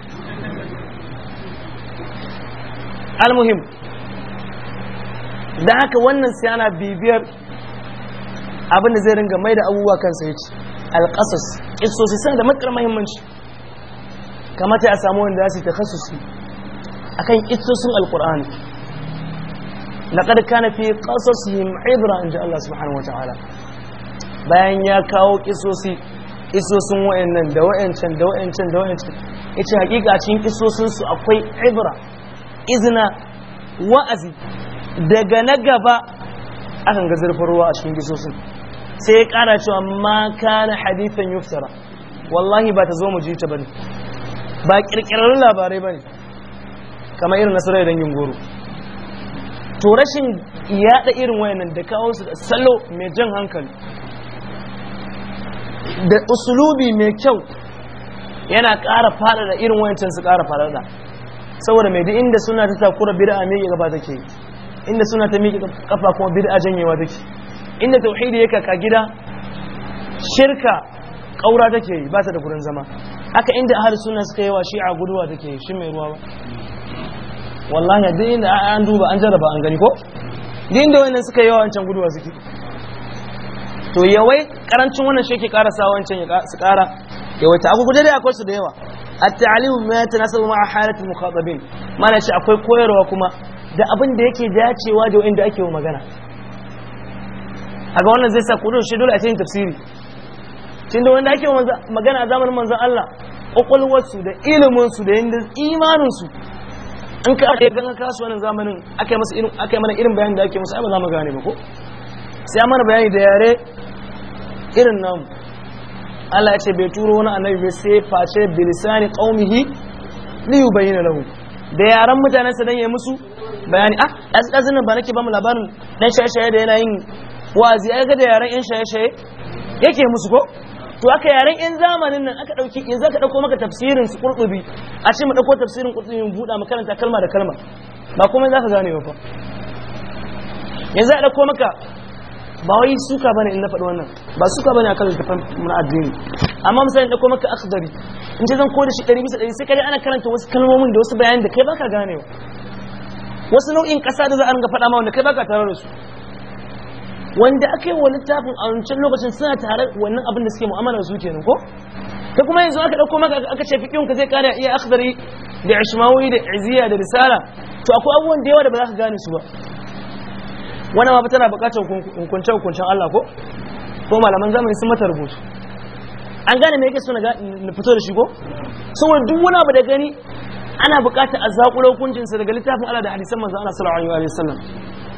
almuhim da haka wannan sai ana bibiyar abin da zai ringa mai da abubuwa kansa ya ce alƙasas ƙisosi suna da matuƙar mahimmanci kamata a samu wanda za su yi ta kasusu a kan ƙisosin alƙur'ani na ƙarƙa na fi ƙasasihim ibra in ji Allah subhanahu wa ta'ala bayan ya kawo ƙisosi ƙisosin wa'annan da wa'ancan da wa'ancan da wa'ancan ya ce hakika cikin su akwai ibra izina wa'azi daga na gaba akan ga zurfin ruwa a cikin gisosin sai ya kara cewa ma kana hadithan yuftara wallahi ba ta zo mu ji ta bane ba kirkirar labarai bane kamar irin nasarar dangin goro to rashin yada irin wayannan da kawo su da salo mai jan hankali da usulubi mai kyau yana ƙara da irin wancan su ƙara da saboda mai inda suna ta takura a mai gaba take inda suna ta miƙe kafa kuma bid'a janyewa take inda tauhidi yake ka gida shirka kaura take yi ba ta da gurin zama haka inda ahli sunna suka yi wa shi'a guduwa take shi mai ruwa ba wallahi duk inda an duba an jarraba an gani ko duk inda wannan suka yi wa wancan guduwa suke to yawai karancin wannan shi yake karasa wancan su kara yawai ta akwai da akwai su da yawa at-ta'lim ma yatanasabu ma'a halati mukhatabin mana shi akwai koyarwa kuma da abin da yake dacewa da wanda ake magana kaga wannan zai sa kudu shi dole a cikin tafsiri tun da wanda ake magana a zamanin manzan Allah ƙwaƙwalwarsu da iliminsu da yadda imaninsu in ka ake ganin kasu wannan zamanin aka yi masa irin aka yi mana irin bayanin da ake musu ai ba za mu gane ba ko sai mana bayani da yare irin namu Allah ya ce bai turo wani annabi bai sai face bilisani qaumihi li yubayyana lahu da yaran mutanen sa dan ya musu bayani ah azazin ba nake ba mu labarin dan shaye-shaye da yana yin wazi ai da yaran yan shaye-shaye yake musu ko to aka yaran yan zamanin nan aka dauki yanzu aka dauko maka tafsirin su qurtubi a ce mu dauko tafsirin qurtubi mu buda mu karanta kalma da kalma ba komai zaka gane ba fa yanzu a dauko maka ba wai suka bane in na faɗi wannan ba suka bane akan littafin mun addini amma misali in dauko maka akhdari in ce zan koda shi 100 bisa 100 sai kaje ana karanta wasu kalmomin da wasu bayanan da kai baka ganewa wasu nau'in ƙasa da za a ringa faɗa ma wanda kai baka tare da su wanda aka yi wa littafin a wancan lokacin suna tare wannan abin da suke mu'amala su kenan ko ta kuma yanzu aka ɗauko maka aka ce fikin ka zai kare iya akhdari da ishmawi da iziya da risala to akwai abubuwan da yawa da ba za ka gane su ba wannan ma tana buƙatar hukunce hukuncen Allah ko ko malaman zamani sun mata rubutu an gane me yake so na fito da shi ko saboda duk wani abu da gani ana buƙatar a zaƙulo hukuncinsa daga littafin Allah da hadisan manzon Allah sallallahu alaihi wa sallam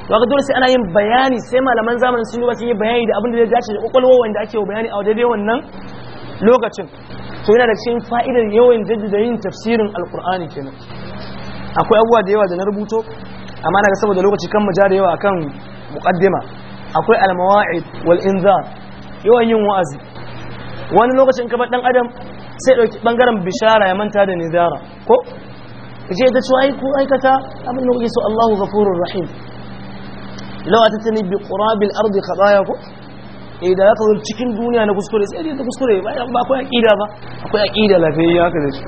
to dole sai ana yin bayani sai malaman zamanin sun duba sun yi bayani da abin da zai dace da kokolwa wanda ake bayani a daidai wannan lokacin to yana da cikin fa'idar yawan jaddada yin tafsirin alkur'ani kenan akwai abubuwa da yawa da na rubuto amma na ga saboda lokaci kan mu ja da yawa akan muqaddima akwai al wal inzar yawan yin wa'azi wani lokacin kamar dan adam sai dauki bangaren bishara ya manta da nizara ko je da cewa ai ku aikata abin da kuke so Allahu ghafurur rahim law atatani bi qurabil ardi khataya ko idan eh, da zaka zo cikin duniya na kuskure sai dai da kuskure ba ba akwai aqida ba akwai aqida lafiyayya haka da shi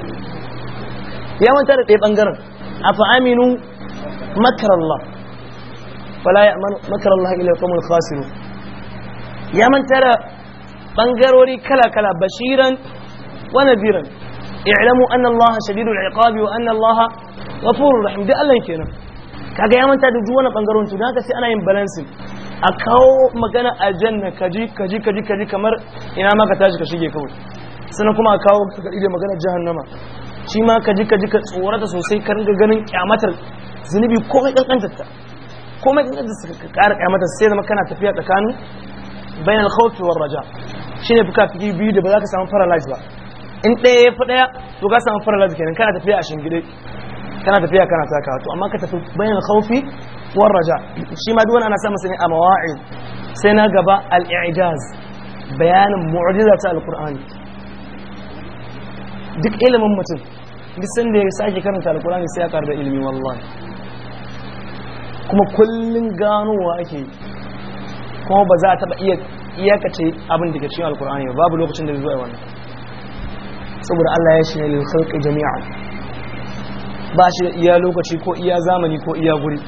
ya manta da ɗaya bangaren afa aminu makrallah wala ya'manu makrallah ila qawmul khasirun ya manta da ɓangarori kala kala bashiran wa nadiran i'lamu anna allaha shadidul iqabi wa anna allaha ghafurur rahim da allan kenan kaga ya manta da duk wani bangaren su don haka sai ana yin balancing a kawo magana a janna kaji kaji kaji kaji kamar ina ma ka tashi ka shige kawai sannan kuma a kawo ka da magana jahannama shi ma kaji kaji ka tsorata sosai ka ringa ganin kyamatar zunubi komai kankantar ta komai kankantar ta ka kara kyamatar sai zama kana tafiya tsakanin bayan alkhawfi war raja shine buka fiki biyu da ba za ka samu paralyze ba in ɗaya ya fi ɗaya to ka samu paralyze kenan kana tafiya a shingide kana tafiya kana taka to amma ka tafi bayan khawfi war raja shi ma duk ana sa masa ne a mawa'id sai na gaba al-i'jaz bayanin mu'jiza ta alqur'ani duk ilimin mutum duk da ya sake karanta alqur'ani sai ya da ilimi wallahi kuma kullun ganowa ake kuma ba za a taba iya iyakace abin da ke cikin alqur'ani ba babu lokacin da zai zo wannan saboda Allah ya shi ne lil khalqi jami'an ba shi da iya lokaci ko iya zamani ko iya guri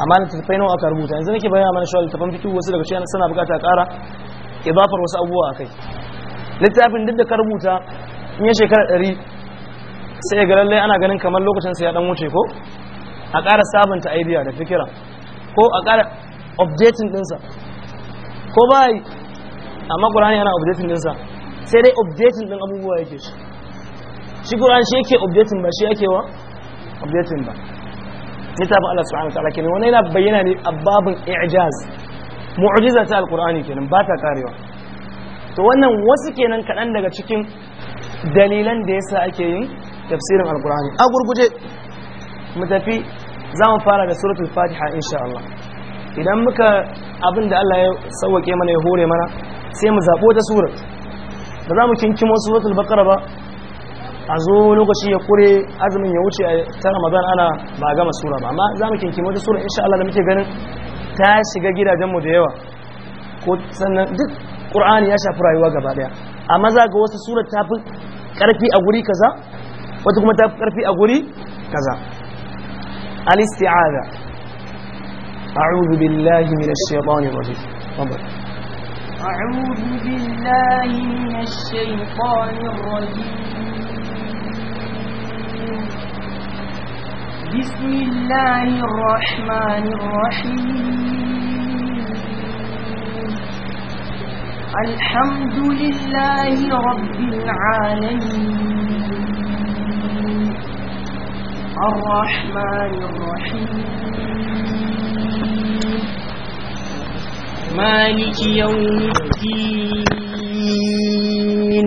amma na nawa aka rubuta yanzu nake bayyana mana shawar littafan fito wasu daga cikin suna bukata ƙara ibafar wasu abubuwa a kai littafin duk da ka rubuta in ya shekara ɗari sai ga lallai ana ganin kamar lokacin sa ya dan wuce ko a ƙara sabunta idea da fikira ko a ƙara updating ɗinsa ko ba yi amma ƙur'ani ana updating ɗinsa sai dai updating ɗin abubuwa yake shi shi shi yake objectin ba shi yake wa objectin ba littafin Allah subhanahu wa ta'ala kenan wannan yana bayyana ne a i'jaz mu'jiza ta alqur'ani kenan ba ta karewa to wannan wasu kenan kaɗan daga cikin dalilan da yasa ake yin tafsirin alqur'ani a gurguje mu tafi za mu fara da suratul fatiha insha Allah idan muka abin da Allah ya sauwake mana ya hore mana sai mu zaɓo ta surat. ba za mu kinkimo suratul baqara ba a zo lokaci ya kure azumin ya wuce ta ramadan ana ba a gama sura ba amma za mu kinkima wata sura insha Allah da muke ganin ta shiga gidajenmu da yawa ko sannan duk qur'ani ya shafi rayuwa gaba daya amma za ga wasu sura ta fi karfi a guri kaza wata kuma ta fi karfi a guri kaza al-isti'aza a'udhu billahi minash shaitanir rajim أعوذ بالله من الشيطان الرجيم بسم الله الرحمن الرحيم الحمد لله رب العالمين الرحمن الرحيم مالك يوم الدين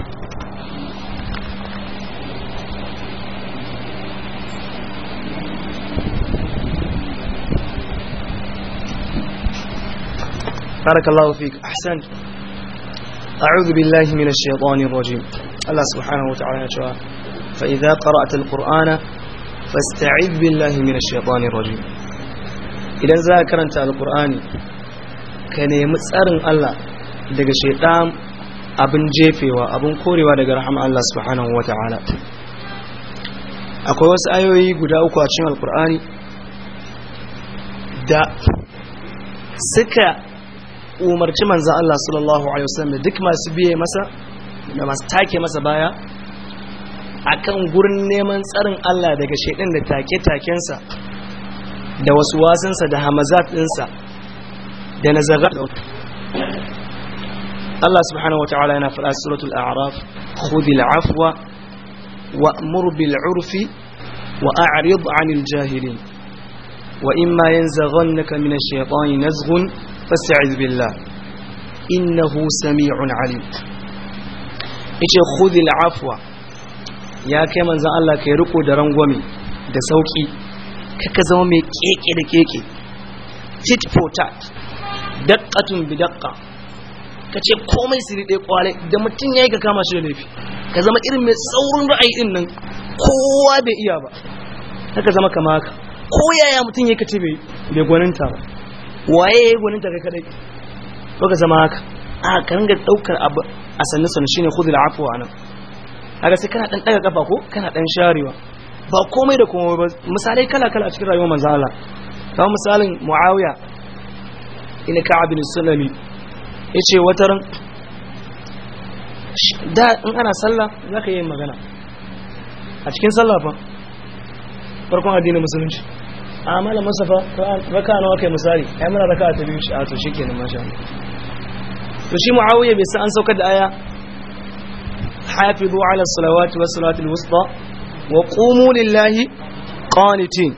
بارك الله فيك أحسنت أعوذ بالله من الشيطان الرجيم الله سبحانه وتعالى يقول فإذا قرأت القرآن فاستعذ بالله من الشيطان الرجيم إذا ذاكرت القرآن كان يمتسر الله daga shaitan abin jefewa abin korewa daga rahama Allah subhanahu wataala akwai wasu ayoyi guda uku a cikin alkur'ani da suka umarci manzan Allah sallallahu alaihi wasallam duk masu biye masa da masu take masa baya akan gurin neman tsarin Allah daga shaidan da take-takensa da wasu wasansa da hamazat ɗinsa da nazarar Allah subhanahu wa ta'ala yana faɗa suratul a'raf khudhil afwa wa'mur bil 'urfi wa a'rid 'anil jahilin wa imma yanzaghannaka minash shaitani nazghun fasta'iz billah innahu sami'un alim yace khudhil afwa ya kai manzon Allah kai riko da rangwame da sauki kaka zama mai keke da keke tit for tat daqqatun bi daqqa kace komai siri dai kwale da mutun yayi ka kama shi da laifi ka zama irin mai saurin ra'ayi din nan kowa bai iya ba kaka zama kama haka ko yaya mutun yake ce bai gwaninta ba waye ya yayi gwaninta kai kadai ka zama haka a ka ringa daukar abu a sannu sannu shine khudul afwa anan haka sai kana dan daga kafa ko kana dan sharewa ba komai da komai ba misalai kala kala a cikin rayuwar manzo Allah kamar misalin Muawiya ina Ka'ab bin Sulami yace ran. da in ana sallah zaka yi magana a cikin sallah fa farkon addinin musulunci a malam masafa raka nawa kai misali ai muna raka ta biyu a to shikenan masha to shi muawiya bai san an saukar da aya hafizu ala salawati was salatil wusta wa qumu lillahi qanitin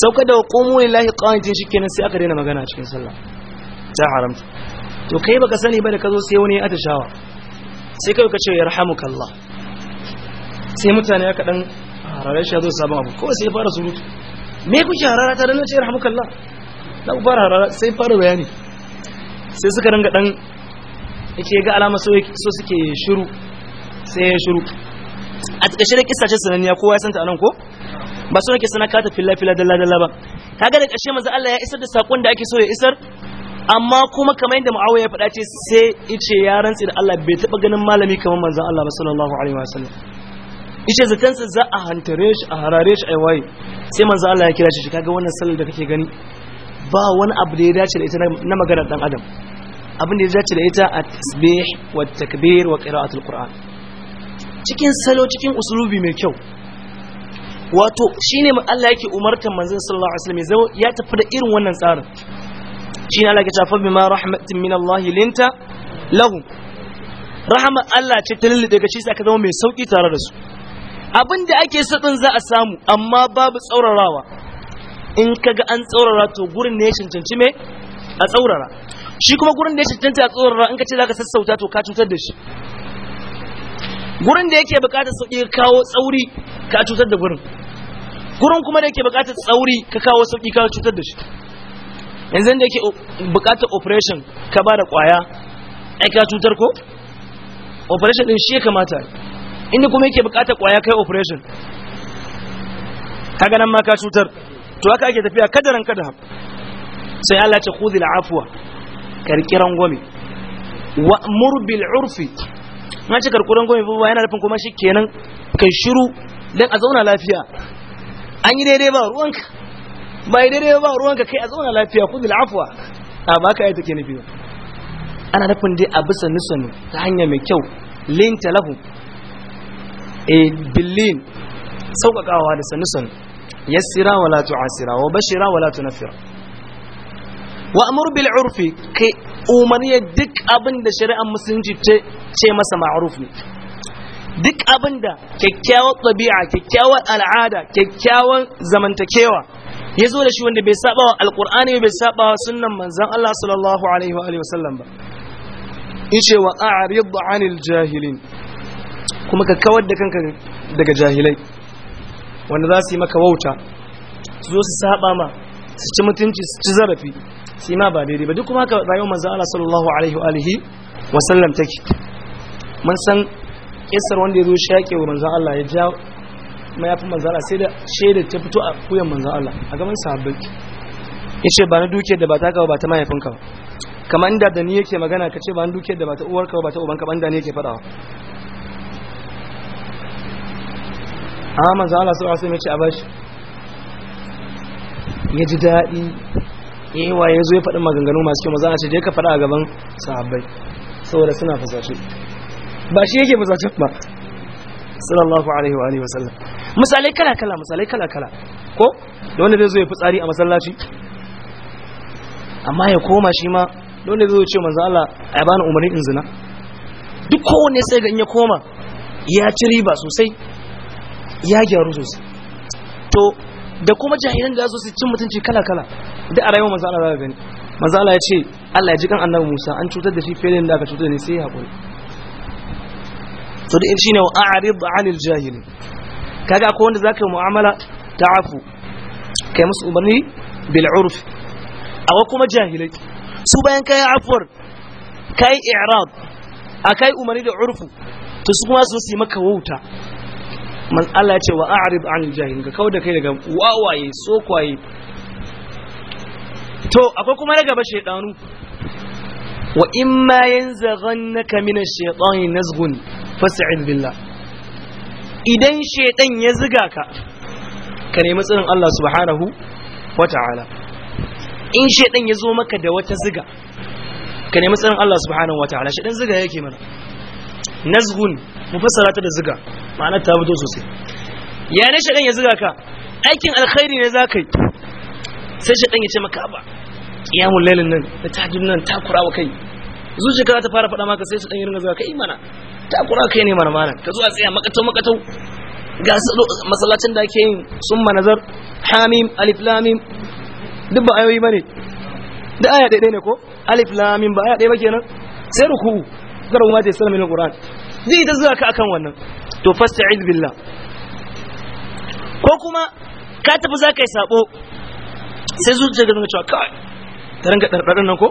saukar da qumu lillahi qanitin shikenan sai aka daina magana cikin sallah ta haramta to kai baka sani ba da kazo sai wani ya atishawa sai kai ka ce yarhamukallah sai mutane aka dan hararar shi ya zo sabon abu kawai sai fara surutu me kuke harara ta dana ce rahmukallah na fara harara sai fara bayani sai suka ranga dan yake ga alama so suke shiru sai ya shiru a ƙarshe da kissa ce sananniya kowa ya santa anan ko ba so yake sana kata filla filla dalla dalla ba kaga da ƙarshe manzo Allah ya isar da sakon da ake so ya isar amma kuma kamar yadda Muawiya ya faɗa ce sai ice ya rantsi da Allah bai taɓa ganin malami kamar manzon Allah sallallahu alaihi wasallam ishe zatansa za a hantare shi a harare shi a waye sai manzo Allah ya kira shi kaga wannan sallar da kake gani ba wani abu da ya dace da ita na magana dan adam abin da ya dace da ita at tasbih wa takbir wa qira'atul qur'an cikin salo cikin usulubi mai kyau wato shine Allah yake umartar manzo sallallahu alaihi wasallam ya tafi da irin wannan tsarin shine Allah ya tafi bima rahmatin min Allah linta lahum rahama Allah ce ta lulluɗe ga shi sai aka zama mai sauki tare da su abin da ake so din za a samu amma babu tsaurarawa in kaga an tsaurara to gurin ne ya cancanci me a tsaurara shi kuma gurin da ya cancanta a tsaurara in ka ce zaka sassauta to ka cutar da shi gurin da yake buƙatar sauki ka kawo tsauri ka cutar da gurin gurin kuma da yake buƙatar tsauri ka kawo sauki ka cutar da shi yanzu da yake buƙatar operation ka ba da kwaya ai ka cutar ko operation din shi ya kamata inda kuma yake bukatar kwaya kai operation kaga nan ma ka cutar to haka ake tafiya kadaran kada sai Allah ce khudhi al-afwa karkiran gome wa mur bil urfi na ce karkuran gome ba yana nufin kuma shikenan kai shiru dan a zauna lafiya an yi daidai ba ruwanka ba yi daidai ba ruwanka kai a zauna lafiya khudhi al-afwa a ba ka yi take nufi ana nufin dai a bisa nisanu ta hanya mai kyau linta lahum billin sauƙaƙawa da sanusun yassira wala tu'asira wa bashira wala nafira. wa amur bil urfi kai umarni duk abin da shari'ar musulunci ce masa ma'ruf ne duk abin da kyakkyawar ɗabi'a kyakkyawar al'ada kyakkyawar zamantakewa ya zo da shi wanda bai saba wa alƙur'ani bai saba wa sunan manzan. Allah sallallahu alaihi wa alihi wasallam ba ishe wa a'rid 'anil jahilin kuma ka kawar da kanka daga jahilai wanda za su yi maka wauta su zo su saba ma su ci mutunci su ci zarafi su yi ma ba daidai ba duk kuma ka rayuwar manzan Allah sallallahu alaihi wa alihi wa sallam take mun san kisar wanda ya zo shaƙe wa manzan Allah ya ja yafin manzan Allah sai da shaida ta fito a kuyan manzan Allah a gaban sahabbai yace ba na duke da ba ta ba ta mahaifinka ba kamar inda da ni yake magana ka ce ba na duke da ba ta uwarka ba ta ka ba da ni yake faɗawa amma za Allah sallallahu mace a bashi ya ji daɗi yawa ya zo ya faɗi maganganu masu kyau za a ce je ka faɗa a gaban sahabbai saboda suna fasashe ba shi yake fasashe ba sallallahu alaihi wa alihi wasallam misalai kala kala misalai kala kala ko da wanda zai zo ya fitsari a masallaci amma ya koma shi ma da wanda zai zo ce manzo Allah ya bani umarni in zina duk kowanne sai ga in ya koma ya ci riba sosai ya gyaru sosai to da kuma jahilan da su cin mutunci kala kala duk a rayuwar manzo za ka gani manzo ya ce Allah ya ji kan annabi Musa an cutar da shi filin da aka cutar ne sai ya hakuri to da shine wa a'rid 'anil jahili kaga akwai wanda zaka yi mu'amala ta'afu kai musu umarni bil urf awa kuma jahilai su bayan kai afwar kai i'rad akai umarni da urfu to su kuma su yi maka wauta Allah ya ce wa a'rid anil jahilin ka da kai daga wawaye sokwaye to akwai kuma na gaba shaidanu wa in ma yanzaghannaka min ash-shaytani nazghun fas'id billah idan shaidan ya ziga ka ka nemi tsirin Allah subhanahu wa ta'ala in shaidan ya zo maka da wata ziga ka nemi tsirin Allah subhanahu wa ta'ala shaidan ziga yake mana nazghun mufassara ta da ziga ma'ana ta fito sosai ya ne shaɗan ya zuga ka aikin alkhairi ne za ka yi sai shaɗan ya ce maka ba kiyamun lailin nan da tajin nan takura wa kai zuciya ta fara faɗa maka sai shaɗan ya ringa zuga kai eh mana takura kai ne mana mana ka zuwa tsaya makatau makatau ga masallacin da ake yin sun manazar hamim alif lamim duk ba ayoyi bane da aya ɗaya ne ko alif lamim ba aya ɗaya ba kenan sai ruku kar kuma ce sallama min alquran zai da zuwa ka akan wannan to fasta'id billah ko kuma ka tafi za ka yi sabo sai zuciya ga cewa kai ta ranga nan ko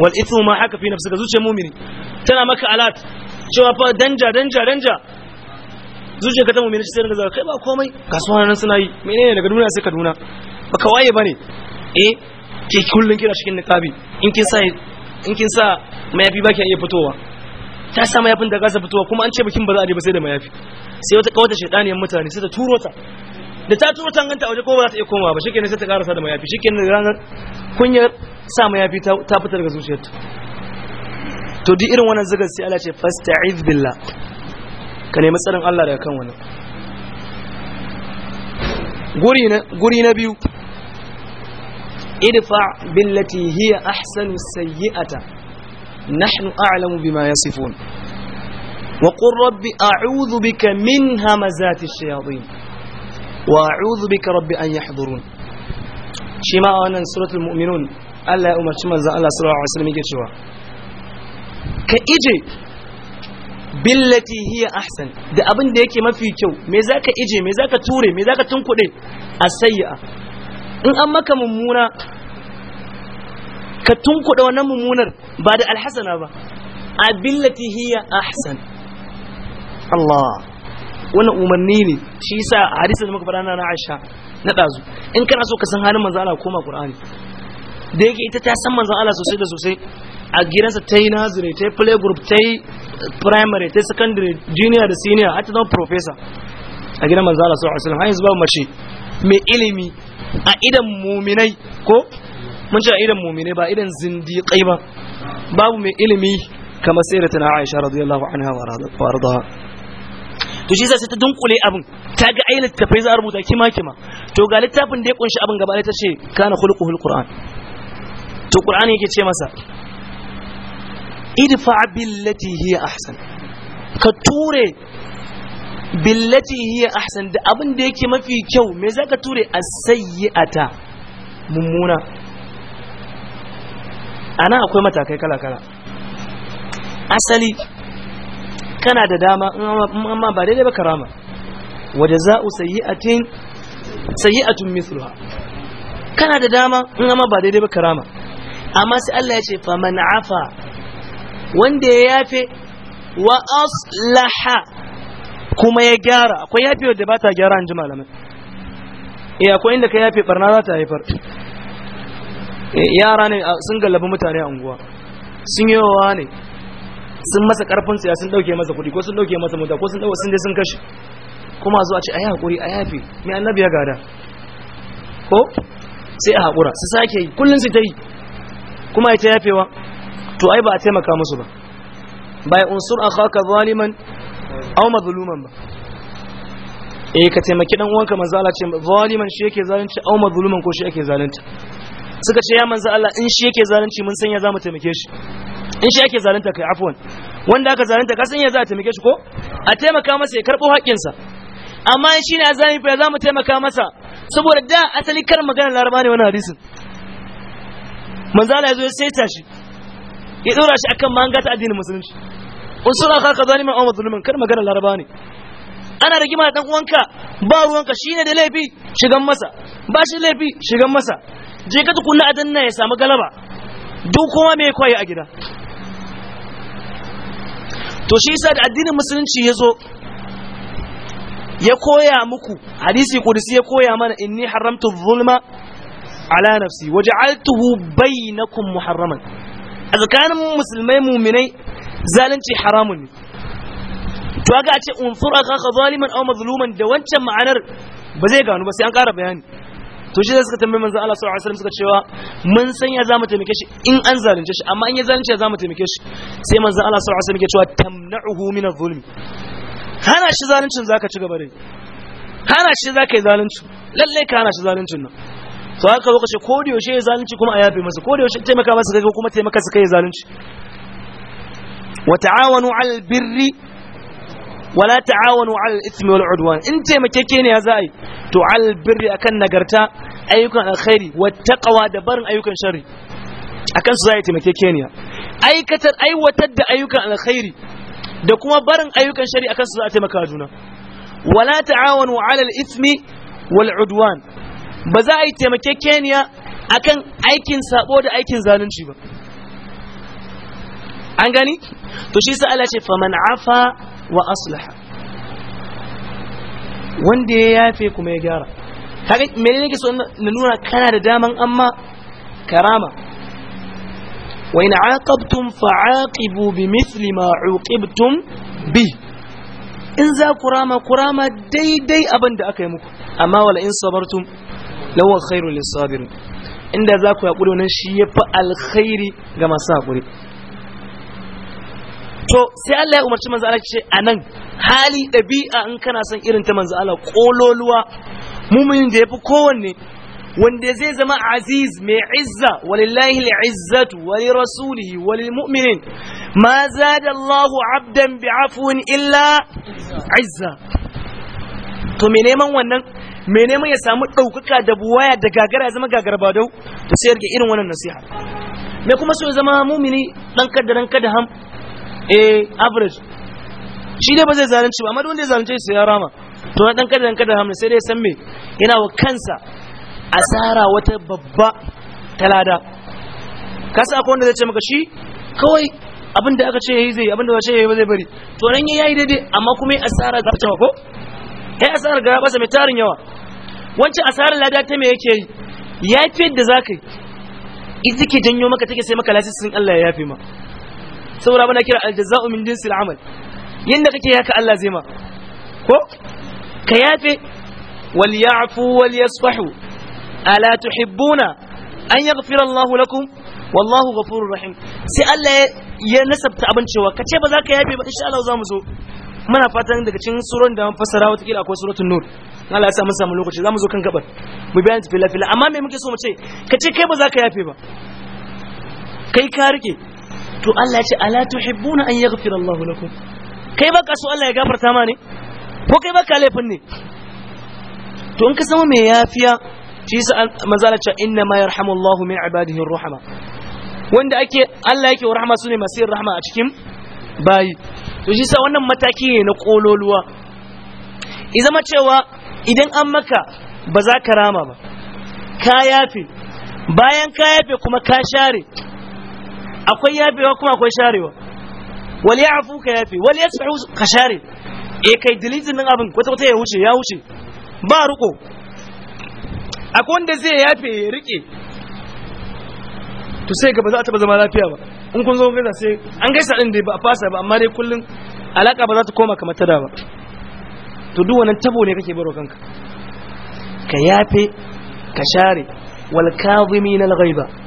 wal itsu ma haka fi nafsi ga zuciya mumini tana maka alat cewa fa danja danja danja zuciya ka ta mumini sai ranga kai ba komai kasuwa nan suna yi menene daga duniya sai kaduna baka waye bane eh ke kullun kira cikin niqabi in kin sa in kin sa mayafi ba ki iya fitowa ta sa mayafin da gasa fitowa kuma an ce bikin ba za a je ba sai da mayafi sai wata kawata shaidaniyar mutane sai ta turo ta da ta turo ta ganta waje ko ba za ta iya komawa ba shikenan sai ta karasa da mayafi shikenan ranar kunyar sa mayafi ta fita daga zuciyarta to duk irin wannan zagar sai Allah ce fasta'iz billah ka nemi tsarin Allah daga kan wannan guri na guri na biyu idfa billati hiya ahsanu sayyi'ata نحن أعلم بما يصفون وقل رب أعوذ بك من همزات الشياطين وأعوذ بك رب أن يحضرون شما أنا سورة المؤمنون ألا أمر شما الله صلى الله عليه وسلم يكتشوا كإجي billati hiya ahsan da abin da yake mafi kyau me zaka ije me zaka ture me zaka tunkuɗe a sayya in an maka mummuna ka tunkuɗa wannan mummunar ba da AlHassana ba A abillati hiya ahsan Allah wannan umarni ne shi yasa hadisin da muka faɗa na Aisha na dazu. in kana so ka san halin manzo Allah koma Qur'ani da yake ita ta san manzo Allah sosai da sosai a gidansa ta yi nazire ta yi play group ta yi primary ta yi secondary junior da senior har ta zama professor a gidan manzo Allah sallallahu alaihi wasallam har yanzu babu mace mai ilimi a idan muminai ko mun ce irin mumine ba irin zindiƙai ba babu mai ilimi kamar sai da tana aisha radiyallahu anha wa radha to shi sai ta dunkule abin ta ga ai littafai za a rubuta kima kima to ga littafin da ya kunshi abin gaba ta ce kana khulquhul qur'an to qur'ani yake ce masa idfa billati hiya ahsan ka ture billati hiya ahsan da abin da yake mafi kyau me za ka ture as-sayyi'ata mummuna ana akwai matakai kala-kala asali kana da dama amma ba daidai ba karama wadda za'u sayi'atun mithluha kana da dama amma ba daidai ba karama amma sai Allah ya ce faman afa wanda ya yafe wa aslaha kuma ya gyara akwai yafe wadda ba ta gyara an ji malamai eh akwai inda ka yafe barna za ta haifar yara ne sun gallabi mutane a unguwa sun yi yawa ne sun masa karfin tsaya sun dauke masa kudi ko sun dauke masa mota ko sun dauke sun je sun kashe kuma zuwa ce a yi hakuri a yafi mai annabi ya gada ko sai a hakura su sake yi kullum su ta yi kuma ita yafewa to ai ba a taimaka musu ba bai unsur haka zaliman au mazuluman ba eh ka taimaki dan uwanka manzo Allah ce zaliman shi yake zalunci au mazuluman ko shi yake zalunta suka ce ya manzo Allah in shi yake zalunci mun san ya zamu taimake shi in shi yake zalunta kai afwan wanda aka zalunta ka san ya za a taimake shi ko a taimaka masa ya karbo haƙƙinsa amma in shi ne azami fa zamu taimaka masa saboda da asali kar magana laraba ne wannan hadisin manzo Allah ya zo ya saita shi ya dora shi akan manga ta addinin musulunci usura ka ka zalimin aw mazlumin kar magana laraba ne ana rigima da dan uwanka ba ruwanka shine da laifi shigan masa ba shi laifi shigan masa je ka tukunna a danna ya samu galaba duk kuma mai kwaye a gida to shi sa da addinin musulunci ya zo ya koya muku hadisi kudusi ya koya mana inni haramtu zulma ala nafsi altuhu bainakum muharraman a tsakanin musulmai muminai zalunci haramun ne to ga a ce unsur aka zaliman au mazluman da wancan ma'anar ba zai gano ba sai an kara bayani to shi da suka tambayi manzo Allah sallallahu alaihi wasallam suka cewa mun san ya zamu taimake shi in an zalunce shi amma in ya zalunce ya zamu taimake shi sai manzo Allah sallallahu alaihi wasallam yake cewa tamna'uhu min adh-dhulm hana shi zaluncin zaka ci gaba da hana shi zaka yi zalunci lalle ka hana shi zaluncin nan to haka lokaci ko da yaushe ya zalunci kuma a yafe masa ko da yaushe taimaka masa kai kuma taimaka su kai zalunci wa ta'awanu 'alal birri wala ta'awanu ala in taimakekeniya za birri akan nagarta ayyukan alkhairi da barin ayyukan sharri akan su za da kuma barin ayyukan shari za a taimaka juna wala ta'awanu ala al ba za a yi aikin sabo da aikin zalunci ba an gani to shi sa ce wa aslaha wanda ya yafe kuma ya gyara kaga mene nake so na nuna kana da daman amma karama wa in aqabtum fa'aqibu misli ma uqibtum bi in za ku rama ku rama daidai abin da aka yi muku amma wala in sabartum lawa khairul lisabirin inda za ku haƙuri wannan shi ya fi alkhairi ga masu haƙuri to sai Allah ya umarci manzo Allah ce anan hali dabi'a in kana son irin ta manzo Allah kololuwa mu'minin da yafi kowanne wanda zai zama aziz mai izza walillahi al'izzatu wa li rasulihi wa lil mu'minin ma zada Allahu 'abdan bi'afwin illa izza to me neman wannan me neman ya samu daukaka da buwaya da gagara ya zama gagara ba dau to sai yarge irin wannan nasiha me kuma so ya zama mumini dan kadda dan kada ham eh average shi dai ba zai zalunci ba amma wanda ya zalunce sai ya rama to na dan kada dan kada hamna sai dai san me yana wa kansa asara wata babba talada kasa akwai wanda zai ce maka shi kawai abin da aka ce yayi zai abin da wace yayi ba zai bari to nan yayi daidai amma kuma asara za ta ko asara asarar ba sa mai tarin yawa wancan asarar lada ta me yake yi ya fi yadda za ka yi ita ke janyo maka take sai maka lasisin Allah ya yafe ma saboda bana kira aljaza'u min jinsil amal yanda kake haka Allah zai ma ko ka yafe wal ya'fu wal yasfahu ala tuhibbuna an yaghfira Allah lakum wallahu ghafurur rahim sai Allah ya nasabta abin cewa kace ba za ka yafe ba insha Allah za mu zo muna fatan daga cikin suron da fassara wata kila akwai suratul nur Allah ya sa mun samu lokaci mu zo kan gabar mu bayan fila fila amma me muke so mu ce ce kai ba za ka yafe ba kai ka rike to Allah ya ce ala tuhibbuna an yaghfira Allah lakum kai baka so Allah ya gafarta ma ne ko kai baka laifin ne to in ka samu mai yafiya shi sa manzala ce inna ma yarhamu Allah min ibadihi ar-rahama wanda ake Allah yake wa rahama sune Masir, yin rahama a cikin bayi to shi sa wannan mataki ne na kololuwa izama cewa idan an maka ba za ka rama ba ka yafe bayan ka yafe kuma ka share akwai yafewa kuma akwai sharewa wal ya'fu ka yafe wal yasfahu ka share eh kai dalilin nan abin kwata kwata ya wuce ya wuce ba riko akwai wanda zai yafe ya rike to sai ga ba za a taba zama lafiya ba in kun zo gaza sai an gaisa din dai ba a fasa ba amma dai kullun alaka ba za ta koma kamar ta da ba to duk wannan tabo ne kake baro kanka ka yafe ka share wal kadhimin al ghaiba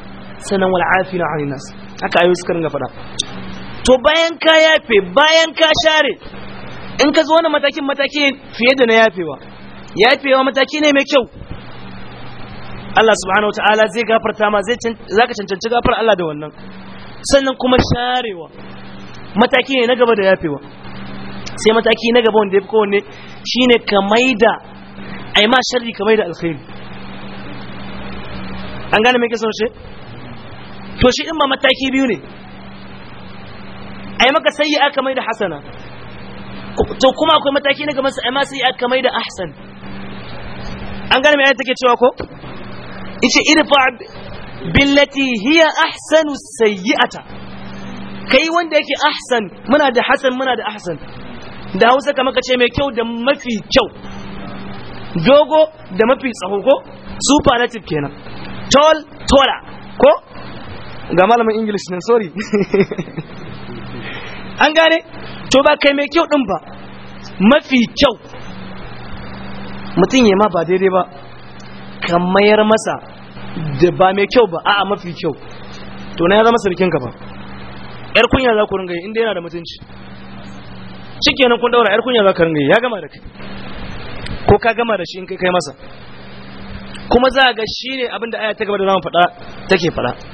sannan wal afina anin nas haka ayo suka ringa faɗa to bayan ka yafe bayan ka share in ka zo na matakin mataki fiye da na yafewa yafewa mataki ne mai kyau Allah subhanahu wataala zai gafarta ma zai zaka cancanci gafar Allah da wannan sannan kuma sharewa mataki ne na gaba da yafewa sai mataki na gaba wanda ya fi kowanne shine ka maida ai ma sharri ka maida alkhairi an gane me kake so shi to shi in ma mataki biyu ne ai maka sayi aka mai da hasana to kuma akwai mataki na gaban ai ma sayyi aka mai da ahsan an gane mai take cewa ko yace irfa billati hiya ahsanu sayyi'ata kai wanda yake ahsan muna da hasan muna da ahsan da Hausa kamar ka ce mai kyau da mafi kyau dogo da mafi tsaho ko superlative kenan tall taller ko ga malamin english nan sorry an gane to ba kai mai kyau din ba mafi kyau mutum ya ma ba daidai ba ka mayar masa da ba mai kyau ba a'a mafi kyau to na ya zama sarkin ka ba yar kunya za ku ringa yi inda yana da mutunci nan kun daura yar kunya za ka ringa yi ya gama da kai ko ka gama da shi in kai kai masa kuma za ga shi ne abinda aya ta gaba da zama faɗa take faɗa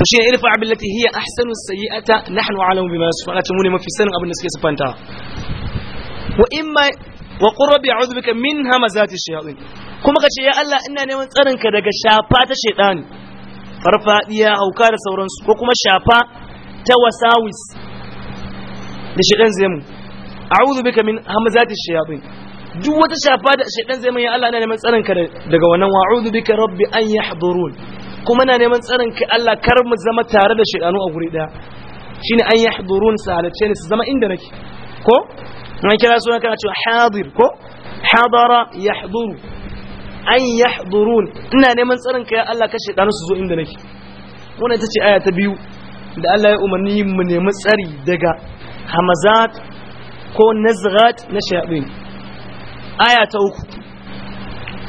to shine irfa billati hiya ahsanu sayyi'ata nahnu a'lamu bima yasifun Allah mu ne mafi sanin abin da suke sifanta wa imma wa qurbi a'udhu bika min hamazati shayatin kuma kace ya Allah ina neman tsarin ka daga shafa ta shaytani farfadiya hauka da sauransu ko kuma shafa ta wasawis da shaytan zai mu a'udhu bika min hamazati shayatin duk wata shafa da shaytan zai mu ya Allah ina neman tsarin ka daga wannan wa'udhu bika rabbi an yahdurun kuma na neman tsarin kai Allah kar mu zama tare da shaidanu a guri daya shine an yahdurun su halace ne su zama inda nake ko an kira suna kana cewa hadir ko hadara yahduru an yahdurun ina neman tsarin kai Allah ka shaidanu su zo inda nake wannan ita ce aya ta biyu da Allah ya umarni mu nemi tsari daga hamazat ko nazghat na shayatin aya ta uku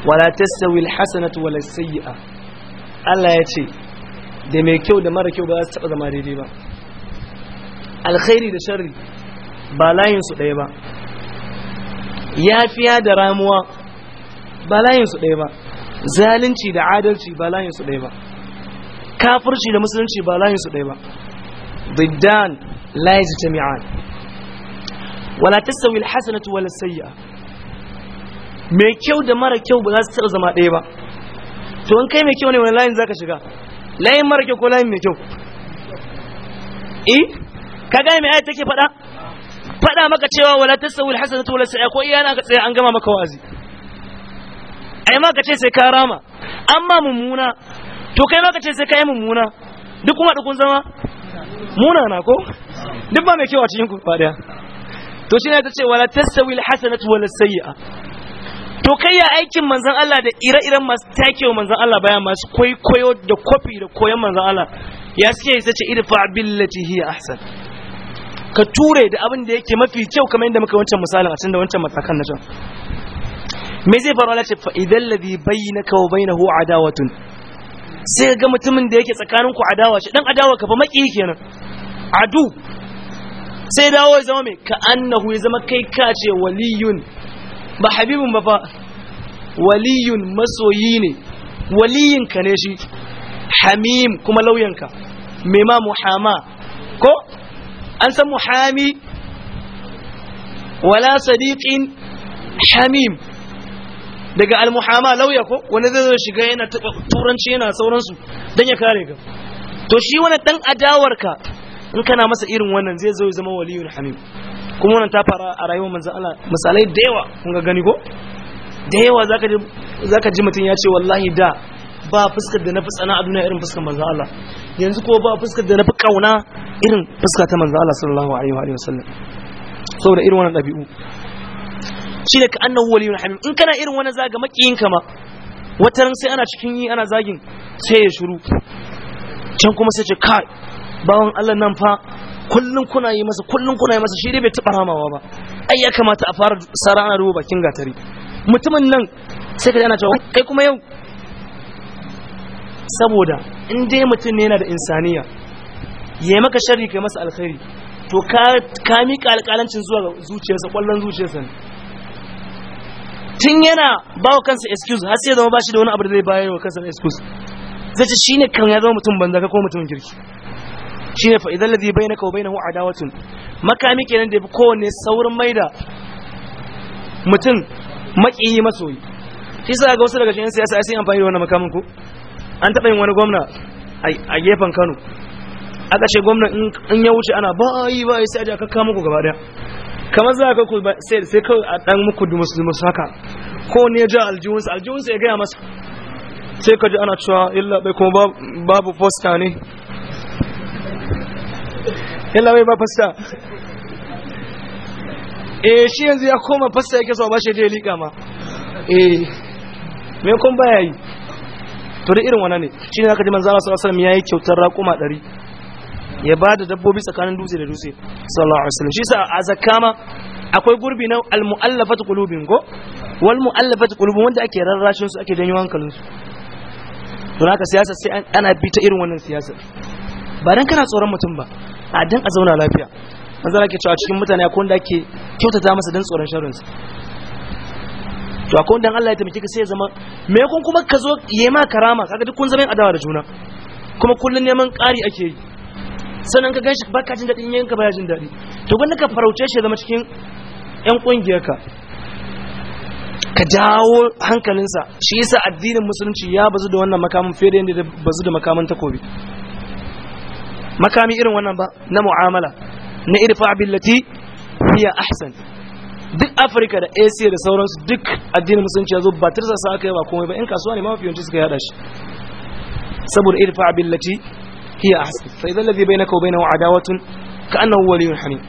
wala tastawi alhasanatu wala sayyi'ah Allah ya ce da mai kyau da mara kyau ba za su taɓa zama daidai ba alkhairi da sharri ba layinsu ɗaya ba yafiya da ramuwa ba layinsu ɗaya ba zalunci da adalci ba layinsu ɗaya ba kafirci da musulunci ba layinsu ɗaya ba su jami'a wala ta sauyi alhassanatu wala Sayya mai kyau da mara kyau ba za su taɓa zama ɗaya ba to in kai mai kyau ne wani layin zaka shiga layin mara kyau ko layin mai kyau eh ka gane mai ayat take faɗa faɗa maka cewa wala tasawul hasanatu wala sa'a ko iyana ka tsaya an gama maka wa'azi ai ma ka ce sai ka rama amma mummuna to kai ma ka ce sai ka yi mummuna duk kuma dukun zama muna na ko duk ba mai kyau a cikin ku faɗa to shine ta ce wala tasawil hasanatu wala sayyi'a to kai ya aikin manzon Allah da ire-iren masu takewa manzon Allah baya masu kwaikwayo da kofi da koyon manzon Allah ya suke yi sace irfa billati hiya ahsan ka ture da abin da yake mafi kyau kamar yadda muka wancan misalin a cikin da wancan matakan na can me zai faru Allah ce fa idan ladhi bainaka wa bainahu adawatun sai ga mutumin da yake tsakanin ku adawa shi dan adawa ka fa maki kenan adu sai dawo ya zama mai ka annahu ya zama kai ka ce waliyun ba habibun ba fa waliyun masoyi ne waliyinka ne shi hamim kuma lauyanka mai ma muhama ko an san muhami wala sadiqin hamim daga al almuhama lauya ko wani zai zo shiga yana turanci yana sauransu don ya kare ka to shi wani dan adawarka in kana masa irin wannan zai zo zama waliyun hamim kuma wannan ta fara a rayuwar manzon Allah misalai da yawa kun ga gani ko da yawa zaka ji zaka ji mutun ya ce wallahi da ba fuskar da na fi tsana a duniya irin fuskar manzon Allah yanzu ko ba fuskar da na fi kauna irin fuska ta manzon Allah sallallahu alaihi wa sallam saboda irin wannan dabi'u shi da ka annahu waliyun hamim in kana irin wani zaga makiyin ma wata ran sai ana cikin yi ana zagin sai ya shuru. can kuma sai ce kai bawan Allah nan fa kullum kuna yi masa kullum kuna yi masa shi dai bai taɓa ramawa ba ai ya kamata a fara sara ana rubo bakin gatari mutumin nan sai ka ji ana cewa kai kuma yau saboda in dai mutum ne yana da insaniya ya maka sharri kai masa alkhairi to ka miƙa alƙalancin zuwa zuciyarsa ƙwallon zuciyarsa ne tun yana ba wa kansa excuse har sai zama ba shi da wani abu da zai bayar wa kansa excuse zai ce shine kan ya zama mutum banza ka ko mutumin kirki shine fa idan bai na wa bainahu adawatun makami kenan da kowanne saurin maida mutum makiyi masoyi shi sa ga wasu daga cikin siyasa ya sun amfani da wannan makamin ku an taɓa yin wani gwamna a gefen Kano aka ce gwamna in ya wuce ana bayi bayi sai aje kakka muku gaba ɗaya. kamar za ka ku sai sai kawai a dan muku musu musu haka ko ne ja aljihunsa aljihunsa ya gaya masa sai ka ji ana cewa illa bai kuma babu fosta ne yalla bai ba fasta eh shi yanzu ya koma fasta yake so ba shi je liƙa ma eh me kun baya yi to da irin wannan ne shine zaka ji manzo Allah sallallahu alaihi wasallam yayi kyautar raƙuma dari ya bada dabbobi tsakanin dutse da dutse sallallahu alaihi wasallam shi sa a zakama akwai gurbi na al-mu'allafat qulubin go wal mu'allafat qulubin wanda ake rarrashin su ake janyo hankalin su to haka siyasa sai ana bi ta irin wannan siyasa ba dan kana tsoron mutum ba a dan a zauna lafiya manzo ake ke cewa cikin mutane akwai wanda ke kyautata masa dan tsoron sharrin sa to akwai wanda Allah ya taimake ka sai ya zama me kun kuma ka zo yayi ma karama kaga duk kun zama adawa da juna kuma kullun neman ƙari ake yi sannan ka ganshi baka jin daɗin yanka baya jin daɗi to gwanda ka farauce shi zama cikin yan ƙungiyarka ka jawo hankalinsa shi yasa addinin musulunci ya bazu da wannan makamin fere da yadda bazu da makamin takobi makami irin wannan ba na mu'amala na irfa billati hiya ahsan duk afirka da asia da sauransu duk addinin musulunci ya zo ba tirsa sa aka yi ba komai ba in kasuwa ne ma mafi yawanci suka yada shi saboda irfa billati hiya ahsan fa idan ladhi bainaka wa bainahu adawatun ka annahu waliyyun hamim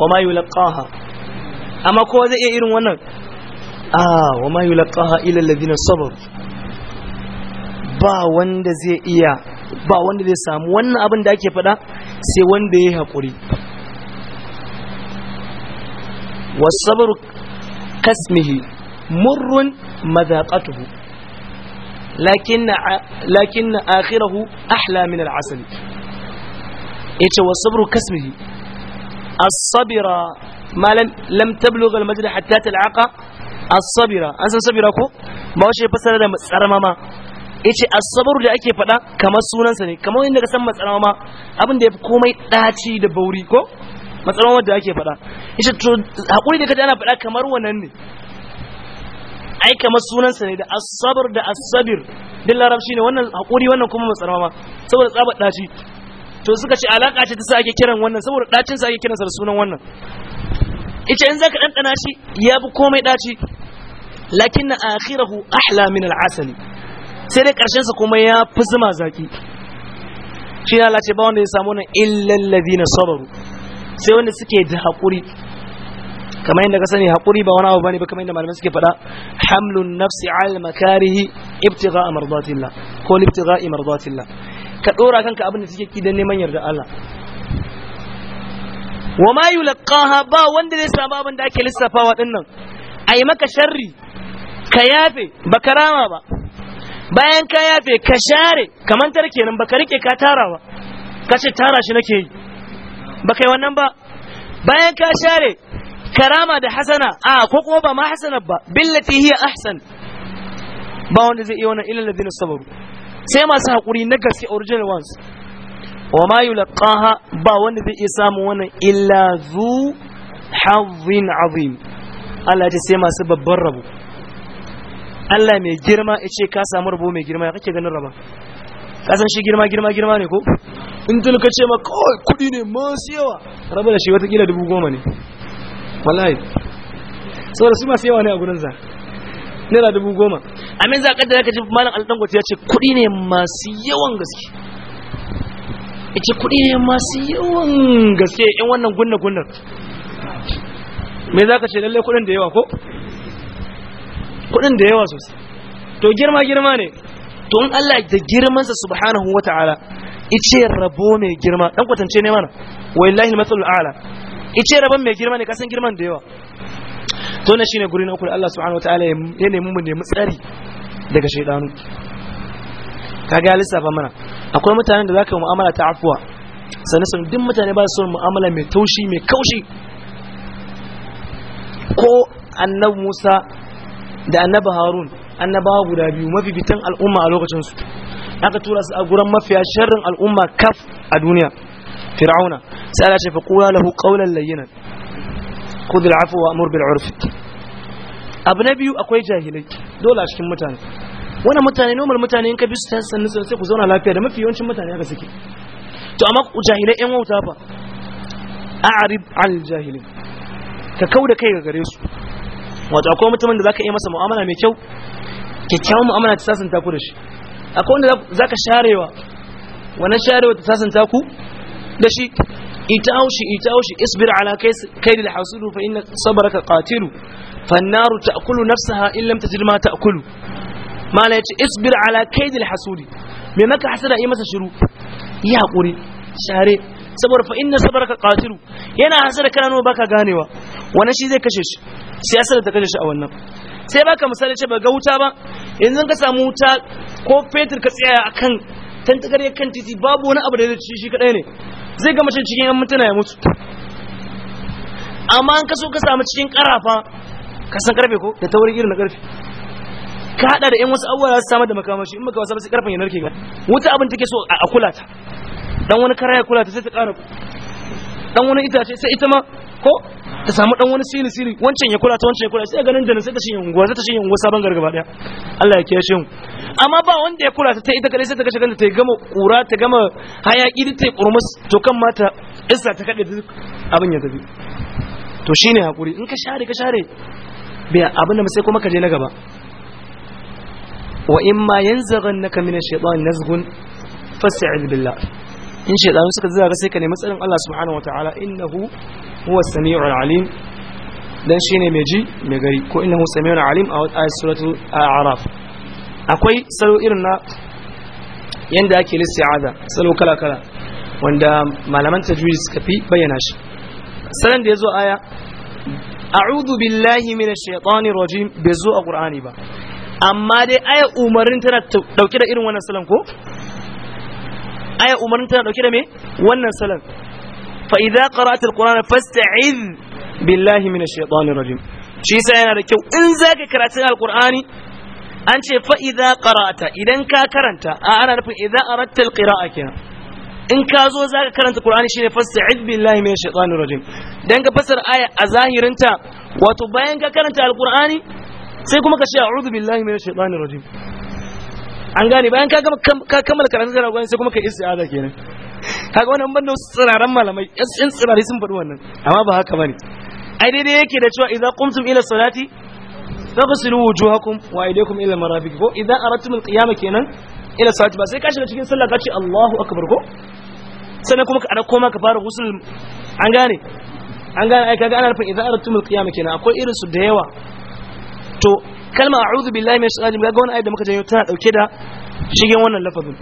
wa ma yulqaha amma kowa zai iya irin wannan ah wa ma yulqaha illa alladhina sabaru ba wanda zai iya ba wanda zai samu wannan abin da ake faɗa sai wanda ya yi haƙuri wasabar kasmihi murrun mazaƙatuhu lakin na akirahu ahla min al'asali ya ce wasabar kasmihi asabira ma lam tabluga al-majda hatta tal'aqa as-sabira an san sabira ko ba wace fasara da tsarmama yace as-sabr da ake faɗa kamar sunansa ne kamar inda ka san matsalawa ma abin da yafi komai daci da bauri ko matsalawa da ake faɗa yace to hakuri da kaje ana faɗa kamar wannan ne ai kamar sunansa ne da as-sabr da as-sabir din larabci ne wannan hakuri wannan kuma matsalawa ma saboda tsabar daci to suka ce alaka ce ta sa ake kiran wannan saboda dacin sa ake sa da sunan wannan yace in zaka dana shi ya komai daci lakinna akhirahu ahla min al-asali sai dai karshen sa kuma ya fi zuma zaki shi ne Allah ce ba wanda ya samu nan illal ladina sabaru sai wanda suke da hakuri kamar yadda ka sani hakuri ba wani abu bane ba kamar yadda malamai suke faɗa hamlun nafsi al makarihi ibtigha mardatillah ko ibtigha mardatillah ka dora kanka abin da suke ki dan neman yarda Allah wa ma yulqaha ba wanda zai samu abin da ake lissafawa dinnan Ai maka sharri ka yafe ba karama ba bayan ka yafe ka share kaman tar kenan baka rike ka tarawa ka ce tara shi nake yi baka yi wannan ba bayan ka share karama da hasana a ko kuma ba ma hasana ba billati hiya ahsan ba wanda zai iya wannan ilal ladin sabaru sai masu hakuri na gaske original ones wa ma yulqaha ba wanda zai iya samu wannan illa zu hazzin azim Allah ya ce sai masu babban rabo Allah mai girma ya ce ka samu rabo mai girma ya kake ganin raba ka san shi girma girma girma ne ko in tun ka ce ma kawai kuɗi ne masu yawa raba da shi watakila dubu goma ne wallahi saboda su masu yawa ne a gurin za naira dubu goma a za ka da ka ji malam alɗangwaci ya ce kuɗi ne masu yawan gaske ya ce kuɗi ne masu yawan gaske yan wannan gunna gunnar me za ka ce lallai kuɗin da yawa ko kuɗin da yawa sosai to girma girma ne to in Allah da girmansa subhanahu wata'ala ice rabo mai girma dan kwatance ne mana wallahi al-masalul a'la ice rabon mai girma ne kasan girman da yawa to na shine guri na uku da Allah subhanahu wata'ala ya nemi mu nemi tsari daga shaydanu kaga lissafa mana akwai mutanen da zaka mu'amala ta afuwa sannan sun duk mutane ba su son mu'amala mai taushi mai kaushi ko annabi Musa da annaba harun annabawa guda biyu mafificin al'umma a lokacin su aka tura su a guran mafiya sharrin al'umma kaf a duniya fir'auna sai Allah ce fa qula lahu qawlan layyinan khudh al'afwa wa'mur bil 'urf abu na biyu akwai jahilai dole a cikin mutane Wani mutane normal mutane in ka bi su ta sannu sai ku zauna lafiya da mafi yawancin mutane aka suke to amma ku jahilai yan wauta fa A a'rib 'anil jahilin ka kauda kai ga gare su wato akwai mutumin da zaka iya masa mu'amala mai kyau kyakkyawan mu'amala ta sasanta ku da shi akwai wanda zaka sharewa wannan sharewa ta sasanta ku da shi ita haushi ita haushi isbir ala kaidil hasudu fa inna sabraka qatilu fannaru ta'kulu nafsaha in lam tajid ma ta'kulu mala yace isbir ala da hasudi me maka hasada yi masa shiru yi hakuri share saboda fa inna sabaraka qatilu yana hasar kana no baka ganewa wannan shi zai kashe shi siyasar ta kashe shi a wannan sai baka misali ce ba ga wuta ba yanzu ka samu wuta ko fetur ka tsaya akan tantakar kan titi babu wani abu da zai ci shi kadai ne zai ga mace cikin yan mutuna ya mutu amma an kaso ka samu cikin karafa ka san karfe ko da taurin irin na karfe ka hada da yan wasu abubuwa za su samar da makamashi in baka wasa ba sai karfen ya narke ga wuta abin take so a kula ta dan wani kara ya kula ta sai ta ƙara dan wani itace sai ita ma ko ta samu dan wani sini sini wancan ya kula ta wancan ya kula sai ganin da sai ta shin unguwa sai ta shin unguwa sabon gargaba daya Allah ya kiyashe mu amma ba wanda ya kula ta ta ita kadai sai ta kashe kanta ta gama kura ta gama hayaki ta yi kurmus to kan mata isa ta kade duk abin ya tafi to shine hakuri in ka share ka share biya abin da sai kuma ka je na gaba wa imma yanzaghannaka min ash-shaytan nazghun fas'id billah in shaidanu suka zaga sai ka nemi tsarin Allah subhanahu ta'ala innahu huwa samiu alim dan shine mai ji mai gari ko innahu samiu alim a ayat suratu a'raf akwai salo irin na yanda ake listi'aza salo kala kala wanda malaman tajwid suka fi bayyana shi salon da yazo aya a'udhu billahi minash shaitani rajim bai zo a qur'ani ba amma dai aya umarin tana dauke da irin wannan salon ko aya umarni tana dauke da me wannan salan fa idza qara'ta alqur'ana fasta'iz billahi minash shaitanir rajim shi yasa yana da kyau in zaka karatun alqur'ani an ce fa idza qara'ta idan ka karanta a ana nufin idza aratta alqira'a kenan in ka zo zaka karanta qur'ani shine fasta'iz billahi minash shaitanir rajim dan ka fasar aya a zahirinta wato bayan ka karanta alqur'ani sai kuma ka ce a'udhu billahi minash shaitanir rajim an gane bayan ka kammala karatun jarawa gwani sai kuma ka aza kenan kaga wannan banda tsiraran malamai yan tsirari sun faɗi wannan amma ba haka bane ai daidai yake da cewa idza qumtum ila salati faghsilu wujuhakum wa aydiyakum ila marafiq ko idza aratum alqiyama kenan ila salati ba sai ka shiga cikin sallah ka ce Allahu akbar ko sannan kuma ka ada koma ka fara husul an gane an gane ai kaga ana nufin idza aratum alqiyama kenan akwai irin su da yawa to kalma a'udhu billahi minash shaitani ga wannan ayat da muka janyo tana dauke da shigen wannan lafazin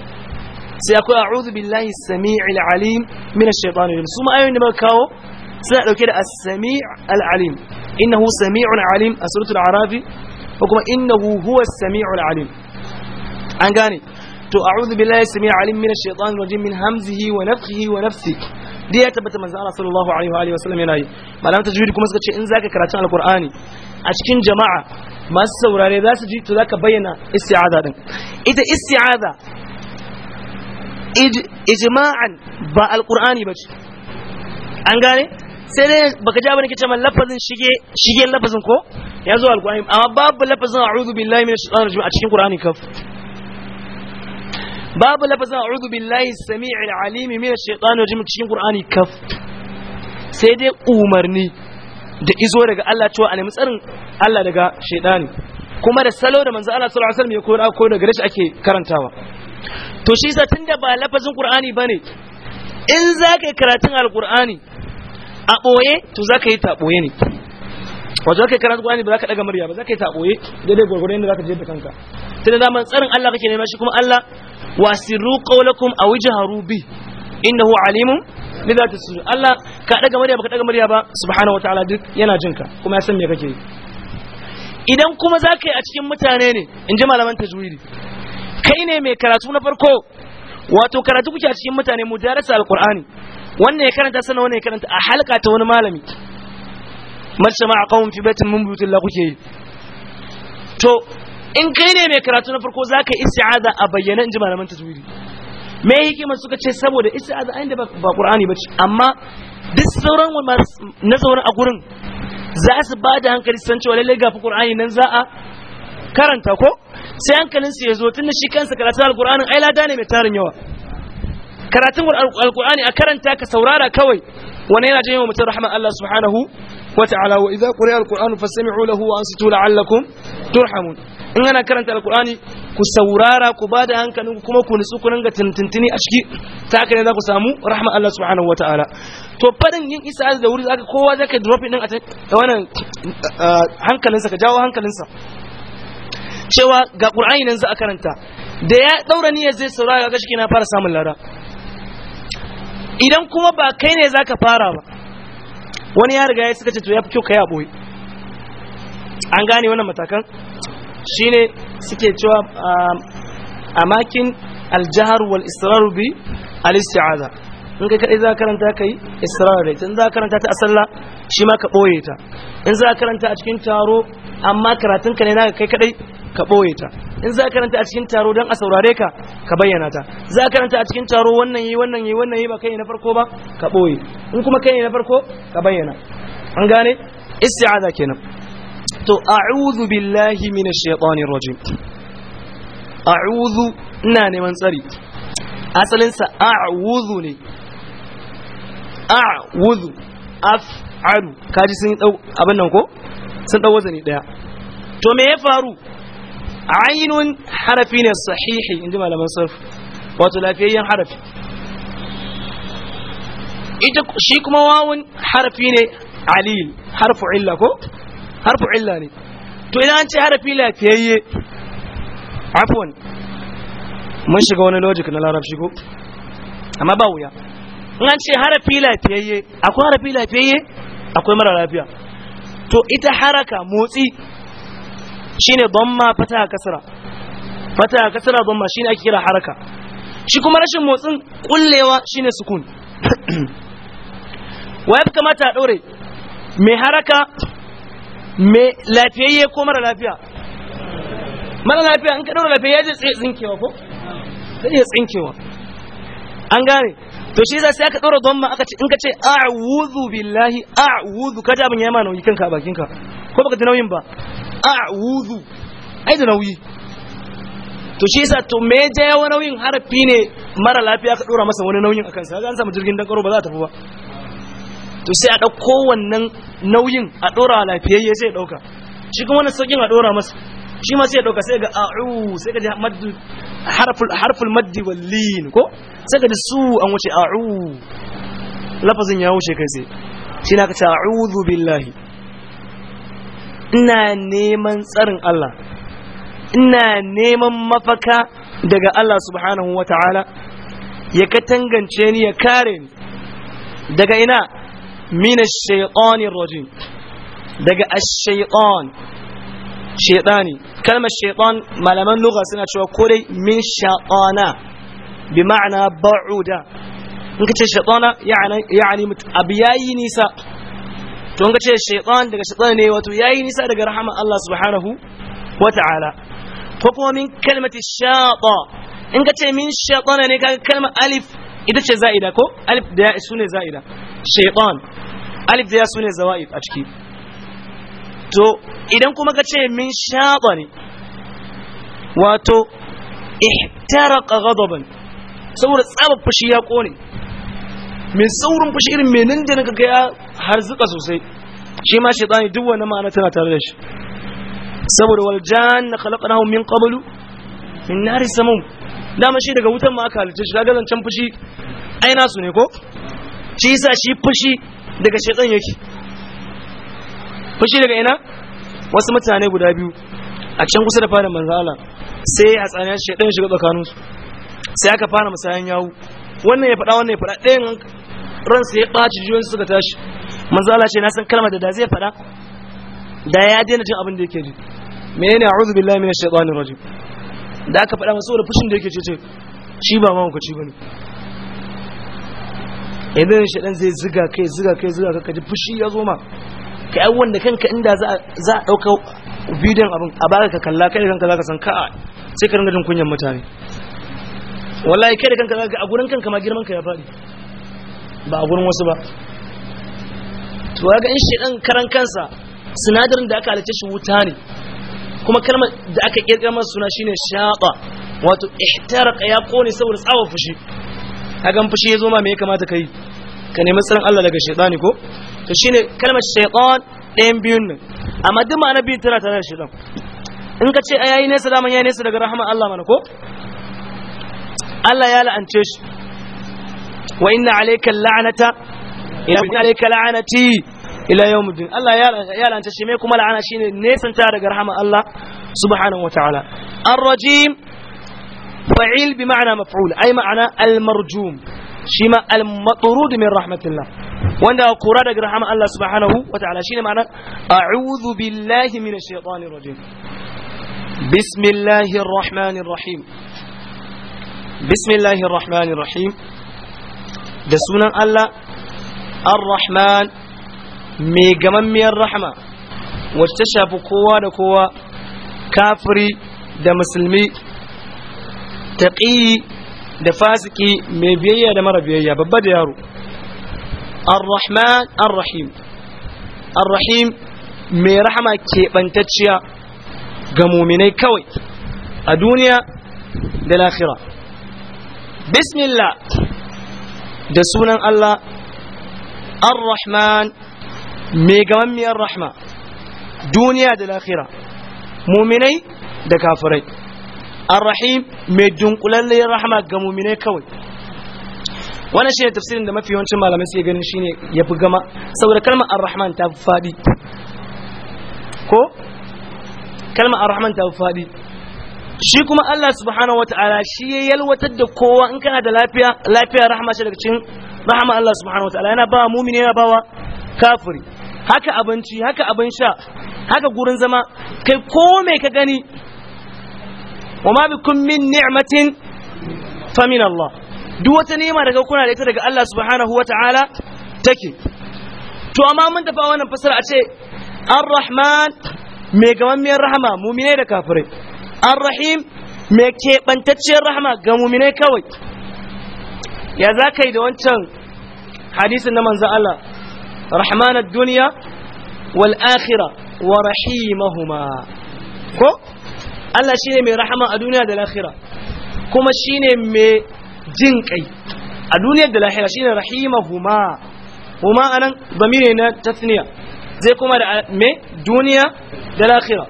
sai akwai a'udhu billahi samii'il alim minash shaitani su ma ayoyin da muka kawo suna dauke da as-sami' al-alim innahu samii'un alim a suratul arafi ko kuma innahu huwa as-samii'ul alim an gane to a'udhu billahi samii'il alim minash shaitani rajim min hamzihi wa nafthihi wa nafsihi dai ya tabbata manzo Allah sallallahu alaihi wa alihi wasallam yana yi malaman tajwid kuma suka ce in zaka karatu alqur'ani a cikin jama'a masu saurare za su ji to zaka bayyana isti'aza din ita isti'aza ijma'an ba alqur'ani bace an gane sai dai baka ja bane kace man lafazin shige shige lafazin ko yazo alqur'ani amma babu lafazin a'udhu billahi minash shaitanir rajim a cikin qur'ani kaf babu lafazin a'udhu billahi samii'il alim min ash-shaytanir rajim cikin qur'ani kaf sai dai umarni da izo daga Allah cewa a nemi tsarin Allah daga shaytani kuma da salo da manzo Allah sallallahu alaihi wasallam ya koyar daga rashi ake karantawa to shi yasa tunda ba lafazin qur'ani bane in zaka yi karatun alqur'ani a boye to zaka yi ta boye ne wato kai karatu Qur'ani ba za ka daga murya ba za ka yi taboye daidai gurgurai yadda za ka je da kanka da zaman tsarin Allah kake nema shi kuma Allah wasiru qawlakum aw jaharu bi innahu alimun bi ta sudur Allah ka daga murya ba ka daga murya ba subhanahu wataala duk yana jinka kuma ya san me kake yi idan kuma za ka yi a cikin mutane ne in ji malaman tajwidi kai ne mai karatu na farko wato karatu kuke a cikin mutane mu darasa alqur'ani wannan ya karanta sana wannan ya karanta a halka ta wani malami majtama'a kawun fi baitin min buyutillah kuke yi to in kai ne mai karatu na farko zaka isti'aza a bayyana in ji malaman tajwidi me hikima suka ce saboda isti'aza a da ba qur'ani bace amma duk sauran na sauran a gurin za su ba da hankali san cewa lallai gafi qur'ani nan za a karanta ko sai hankalin su ya zo tunda shi kansa karatun alqur'anin ai lada ne mai tarin yawa karatun alqur'ani a karanta ka saurara kawai wani yana jin yawan mutum rahman Allah subhanahu وتعالى وإذا قرئ القرآن فاستمعوا له وأنصتوا لعلكم ترحمون in ana karanta alkur'ani ku saurara ku bada hankalin kuma ku nutsu ku ringa tuntuntuni a ciki ta haka ne za ku samu rahma Allah subhanahu wataala to fadin yin isa da wuri zaka kowa zaka drop din a wannan hankalinsa ka jawo hankalinsa cewa ga qur'ani nan za a karanta da ya daura niyyar zai saurara ga shi na fara samun lada idan kuma ba kai ne zaka fara ba wani ya riga ya suka ce to ya fi kyau ka a ɓoye an gane wannan matakan shine suke cewa um, amakin aljahar wal israr bi al in kai kadai za karanta kai israr da in za karanta ta asalla shi ma ka boye ta in za karanta a cikin taro amma karatun ka ne na kai kadai ka boye ta in za karanta a cikin taro don a saurare ka ka bayyana ta za karanta a cikin taro wannan yi wannan yi wannan yi ba kai na farko ba ka boye in kuma kai ne na farko ka bayyana an gane isti'aza kenan to a'udhu billahi minash shaitanir rajim a'udhu ina neman tsari asalinsa a'udhu ne a'udhu af'alu kaji sun dau abin nan ko sun dau wazani daya to me ya faru ainun harafi ne sahihi inji malaman sarf wato lafiyayyen harafi ita shi kuma wawun harafi ne alil harfu illa ko harfu illa ne to idan an ce harafi lafiyayye afwan mun shiga wani logic na larabci ko amma ba wuya in an ce harafi lafiyayye akwai harafi lafiyayye akwai mara lafiya to ita haraka motsi shine bamma fataha kasra fataha kasra bamma shine ake kira haraka shi kuma rashin motsin kullewa shine sukun waye kamata a dore mai haraka mai lafiyayye ko mara lafiya mara lafiya in ka dora lafiya ya je tsinkewa ko zai tsinkewa an gane to shi yasa sai aka dora dhamma aka ce in ka ce a'udhu billahi a'udhu kaji abin yayi ma nauyi kanka a bakinka ko baka ji nauyin ba a'udhu ai da nauyi to shi sa to me je wani nauyin harafi ne mara lafiya ka dora masa wani nauyin akan sa an samu jirgin dan karo ba za ta tafi ba to sai a dauko wannan nauyin a dora lafiyayye sai ya dauka shi kuma wannan saukin a dora masa shi ma sai ya dauka sai ga a'u sai ka ji madu. harful maddi wal lin ko sai ka su an wuce a'u lafazin ya wuce kai sai shi na ka ce a'udhu billahi ina neman tsarin Allah ina neman mafaka daga Allah subhanahu wa ta'ala ya katangance ni ya kare ni daga ina mina shaytanir rajim daga ash-shaytan shaitani kalmar shaitan malaman lugha suna cewa kodai dai min shaitana bi ma'ana ba'uda in ka ce shaitana ya'ani abu yi nisa to in ka ce shaitan daga shaitan ne wato yi nisa daga rahama Allah subhanahu wa ta'ala ko kuma min kalmati shaɗa in ka ce min shaitana ne kaga kalmar alif ita ce za'ida ko alif da ya sune za'ida shaitan alif da ya sune zawaid a ciki to idan kuma ka ce min shaɓa ne wato ihtaraka ba. saboda tsaba fushi ya ƙone, mai saurin fushi irin mai nan na ga ya harzuka sosai shi ma shi tsani duk wani ma'ana tana tare da shi saboda waljan kalaƙa na khalaqnahu min ƙabalu min nari samum dama shi daga wutan ma aka halice shi kaga can fushi aina su ne ko shi yasa shi fushi daga shaitan yake fushi daga ina wasu mutane guda biyu a can kusa da manzala. Sai a sai shi ɗan shiga tsakanin su sai aka fara musayan yawu wannan ya faɗa wannan ya faɗa ɗayan sai ya ɓaci jiyoyin suka tashi Manzala ce na san kalmar da da zai faɗa da ya daina jin abin da yake ji menene a'udhu billahi minash shaitanir rajim da aka faɗa masa fushin da yake ce shi ba ma hukaci bane idan shaidan zai ziga kai ziga kai ziga kai ka ji fushi ya zo ma ka yi wanda kanka inda za a ɗauka bidiyon abin a baka ka kalla kai da kanka za ka san ka'a sai ka ringa jin kunyan mutane wallahi kai da kanka za ka a gurin kanka ma girman ka ya fari ba a gurin wasu ba to ga in shedan karan kansa sinadarin da aka halice shi wuta ne kuma kalmar da aka kirkira masa suna shine shaqa wato ihtarqa ya kone saboda tsawon fushi gan fushi zo ma me ya kamata kai ka nemi tsaron Allah daga shaitani ko to shine kalmar shaitan ɗayan biyun nan amma duk ma'ana biyu tana tare da shaitan in ka ce a yayi nesa daman yayi nesa daga rahama Allah mana ko Allah ya la'ance shi wa inna alayka la'nata ila alayka la'nati ila yawmiddin Allah ya la'ance shi mai kuma la'ana shine nesan ta daga rahama Allah subhanahu wa ta'ala ar-rajim fa'il bi ma'ana maf'ul ay ma'ana al-marjum shi ma al-matrud min rahmatillah wanda kura daga rahama Allah subhanahu wataala shine ma'ana a'udhu billahi minash shaitanir rajim bismillahir rahmanir rahim bismillahir rahmanir rahim da sunan Allah ar-rahman mai gamammiyar rahama wacce shafi kowa da kowa kafiri da musulmi Taqi. da fasiki mai biyayya da mara biyayya babba da yaro ar-rahman ar-rahim ar-rahim mai rahama keɓantacciya ga muminai kawai a duniya da lafira bismillah da sunan Allah ar-rahman mai gamammiyar rahma duniya da lafira muminai da kafirai الرحيم mai dunkulallen rahama ga mu'minai kawai wannan shine تفسير da mafi yawancin malamai suke ganin shine yafi gama saboda kalmar ar-rahman ta fadi ko ta shi kuma Allah subhanahu wataala shi ya yalwatar da kowa in kana da lafiya lafiya rahama shi daga cikin rahama Allah subhanahu wataala yana ba mu'mini yana bawa kafiri haka abinci haka abin haka gurin zama kai ko me ka gani wa ma bikum min ni'matin fa Allah duk wata ni'ima daga kuna da ita daga Allah subhanahu wata'ala take to amma mun tafi wannan fasara a ce ar-rahman mai gamammiyar rahama muminai da kafirai ar-rahim mai keɓantacciyar rahama ga muminai kawai ya za ka yi da wancan hadisin na manza Allah rahmanar duniya wal akhira wa rahimahuma ko Allah shi ne mai rahama a duniya da lahira kuma shi ne mai jin kai a duniyar da lahira shine rahimahuma huma anan zamiri na tasniya zai kuma da me duniya da lahira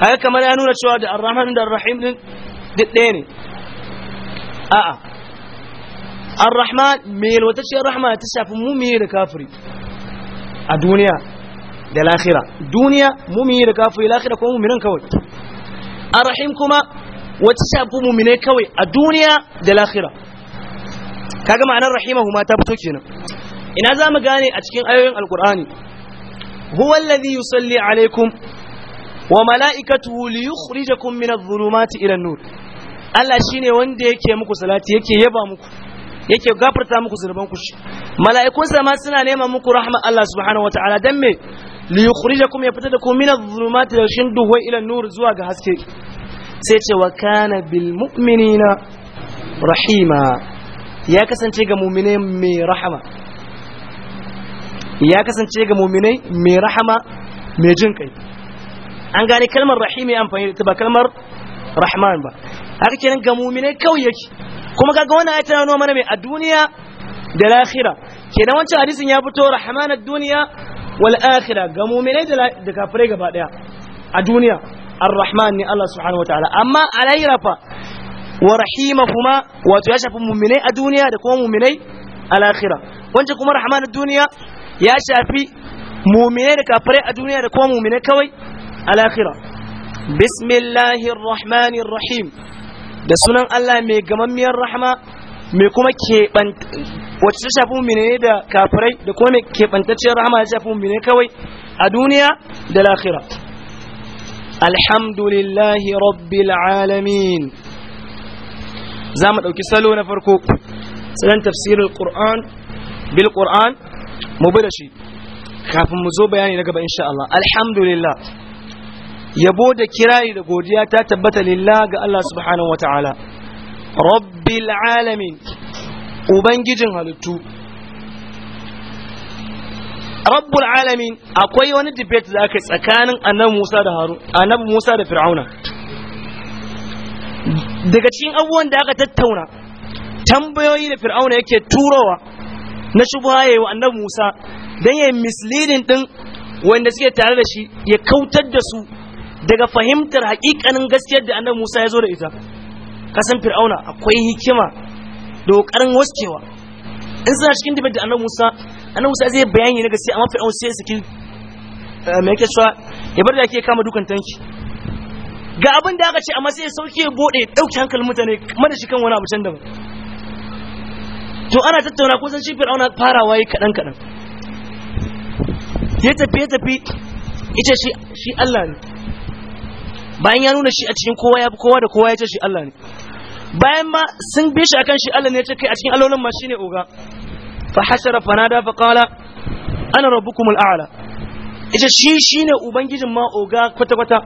haka kamar ya nuna cewa da arrahman da arrahim din ɗaya ne a'a arrahman mai lotacciyar rahma ta shafi mumini da kafiri a duniya da lahira duniya mumini da kafiri lahira kuma muminan kawai rahim kuma wacce shafi mumine kawai a duniya da lahira kaga ma'anar rahima huma ta fito kenan ina za mu gane a cikin ayoyin alkur'ani huwa alladhi yusalli alaikum wa mala'ikatuhu liyukhrijakum min adh-dhulumati ila an-nur Allah shine wanda yake muku salati yake yaba muku yake gafarta muku zunuban ku mala'ikun ma suna nema muku rahma Allah subhanahu ta'ala dan me li yukhrijakum ya fitar da ku min adh-dhulumati daga ila nur zuwa ga haske sai ce wa kana bil mu'minina rahima ya kasance ga mu'minai mai rahama ya kasance ga mu'minai mai rahama mai jin kai an gane kalmar rahimi amfani da ba kalmar rahman ba haka kenan ga mu'minai kawai yake kuma kaga wannan ayata na nuna mana mai a duniya da lahira kenan wancan hadisin ya fito rahmanad duniya wal akhirah ga mu'minai da kafirai gaba daya a duniya ar ne Allah subhanahu wataala amma alayra fa wa kuma wato ya shafi mu'minai a duniya da kuma mu'minai al akhirah wanda kuma rahman duniya ya shafi mu'minai da kafirai a duniya da kuma mu'minai kawai al akhirah bismillahir rahmanir rahim da sunan Allah mai gamammiyar rahama mai kuma keɓanta. wacce ta shafi da kafirai da kuma mai keɓantacciyar rahama ya shafi mummine kawai a duniya da lahira alhamdulillahi rabbil alamin za mu ɗauki salo na farko sanan tafsirin qur'an bil qur'an mu bi da shi kafin mu zo bayani na gaba insha Allah alhamdulillah yabo da kirari da godiya ta tabbata lillah ga Allah subhanahu wataala rabbil alamin ubangijin halittu rabbul alamin akwai wani debate da aka tsakanin annabi Musa da Harun annabi Musa da Fir'auna daga cikin abubuwan da aka tattauna tambayoyi da Fir'auna yake turowa na shubha yi wa annabi Musa dan yayin misleading din wanda suke tare da shi ya kautar da su daga fahimtar hakikanin gaskiyar da annabi Musa ya zo da ita kasan Fir'auna akwai hikima da waskewa in suna cikin dibet da annabi musa annabi musa zai bayani na gaske amma fir'aun sai saki eh, mai yake cewa ya bar da ke kama dukan tanki ga abin da aka ce amma sai ya sauke ya bude ya ɗauki hankali mutane kamar da shi kan wani abu can daban to ana tattauna ko san shi fir'aun fara waye kadan kadan ya tafi ya tafi ita shi shi Allah ne bayan ya nuna shi a cikin kowa ya kowa da kowa ya ce shi Allah ne bayan ma sun bi shi akan shi Allah ne ya kai a cikin allolin ma shine oga fa hasara fanada fa qala ana rabbukum al'ala ita shi shine ubangijin ma oga kwata kwata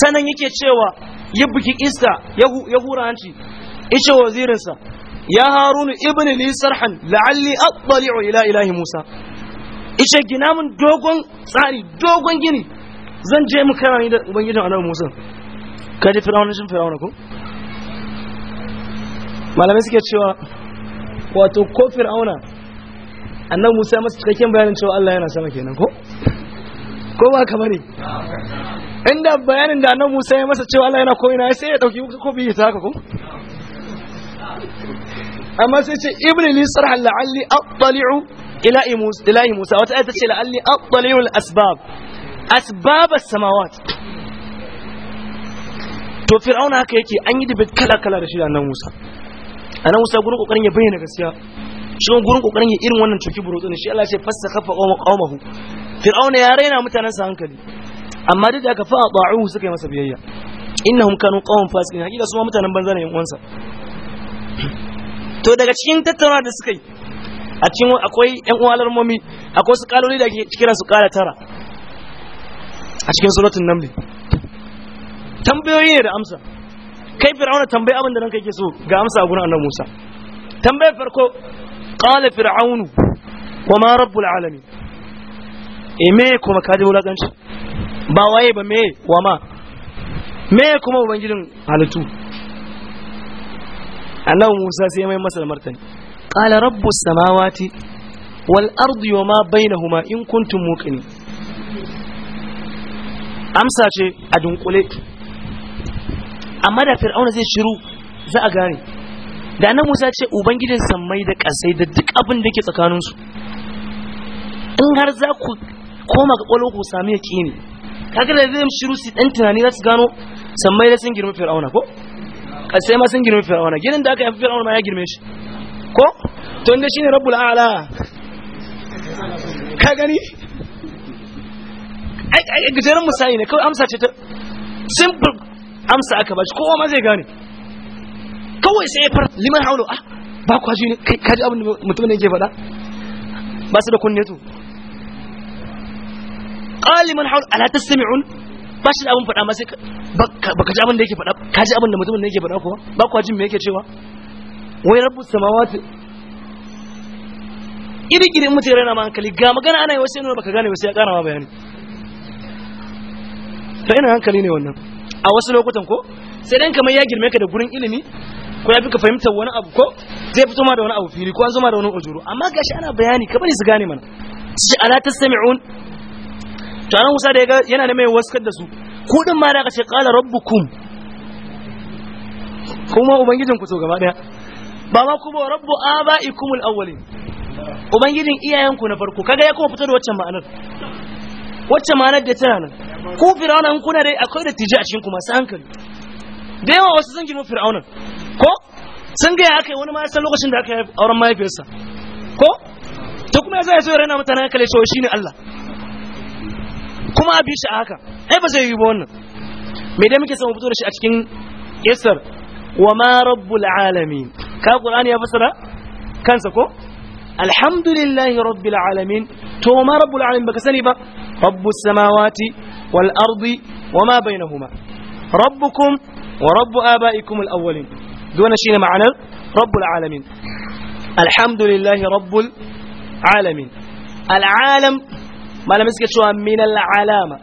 sanan yake cewa ya buki isa ya hura hanci ice wazirinsa ya harunu ibn li sarhan la'alli attali'u ila ilahi musa ice gina min dogon tsari dogon gini zan je mu kana ni da ubangijin annabi musa ka ji fir'aunancin fir'auna ko malamai suke cewa wato ko fir'auna annan musa masu cikakken bayanin cewa allah yana sama kenan ko ko ba ka bane inda bayanin da annan musa ya masa cewa allah yana ina sai ya ɗauki kofi ta haka ko amma sai ce ibni li sarha la'alli attali'u ila ila musa wata ayata ce la'alli attali'u al asbab asbab as-samawat to fir'auna haka yake an yi debate kala kala da shi da annabi Musa annabi Musa gurin kokarin ya bayyana gaskiya shi gurin kokarin ya irin wannan cuki buru ne shi Allah ya ce fasakhafa qawma qawmahu fir'auna ya raina mutanen sa hankali amma duk da aka fa ta'uhu suka yi masa biyayya innahum kanu qawman fasikin hakika su ma mutanen banza ne yan uwansa to daga cikin tattauna da suka yi a cikin akwai yan uwa alarmomi akwai su kaloli da cikin kiran su kala tara a cikin suratul naml tambayoyi ne da amsa kai fir'auna tambayi abin da ranka yake so ga amsa a gurin annabi Musa tambayar farko qala fir'aunu wa ma rabbul alamin e me kuma ka ji wulakanci ba waye ba me wa ma me kuma ubangijin halittu annabi Musa sai mai masa martani qala rabbus samawati wal ardi wa ma bainahuma in kuntum muqinin amsa ce a dunkule amma da fir'auna zai shiru za a gane da nan musa ce ubangijin sammai da kasai da duk abin da ke tsakaninsu in har za ku koma ga kwalo ku sami yaki ne kaga da zai shiru su dan tunani za su gano sammai da sun girma fir'auna ko kasai ma sun girma fir'auna gidan da aka yi fir'auna ma ya girme shi ko to inda shine rabbul a'la ka gani ai ai gajeren musayi ne kawai amsa ce ta simple amsa aka shi kowa ma zai gane kawai sai ya fara liman haulu ah ba kwa ji ne ji abin mutum ne yake faɗa ba su da kunne to qala liman haulu ala Sami'un. ba shi da abin faɗa ma sai baka ji abin da yake faɗa ji abin da mutum ne yake faɗa kuwa ba kwa haji me yake cewa wai rabbus samawati iri-iri mutu rana ma hankali ga magana ana yi wasu yanuwar baka gane wasu ya kara ma bayani ta ina hankali ne wannan a wasu lokutan ko sai dan kamar ya girme ka da gurin ilimi ko ya fi ka fahimtar wani abu ko zai fito ma da wani abu fili ko an zama da wani ujuru amma gashi ana bayani ka bari su gane mana su ala tastami'un to an Musa da yana da mai waskar da su ko din ma da kace qala rabbukum kuma ubangijin ku to gaba daya ba ma kuma rabbu abaikumul awwalin ubangijin iyayenku na farko kaga ya kuma fito da waccan ma'anar wacce ma'anar da tana nan ku fir'auna in kuna dai akwai da tije a cikin ku masu hankali da yawa wasu sun girma fir'auna ko sun ga ya aka yi wani ma san lokacin da aka yi auren mahaifiyarsa ko to kuma ya zai so ya raina mutane hankali cewa shine Allah kuma a bi shi a haka ai ba zai yi ba wannan me dai muke son mu fito da shi a cikin isar wa ma rabbul alamin ka qur'ani ya fassara kansa ko alhamdulillahi rabbil alamin to ma rabbul alamin baka sani ba رب السماوات والأرض وما بينهما ربكم ورب آبائكم الأولين دون شيء معنى رب العالمين الحمد لله رب العالمين العالم ما لم يسكت شوها من العلامة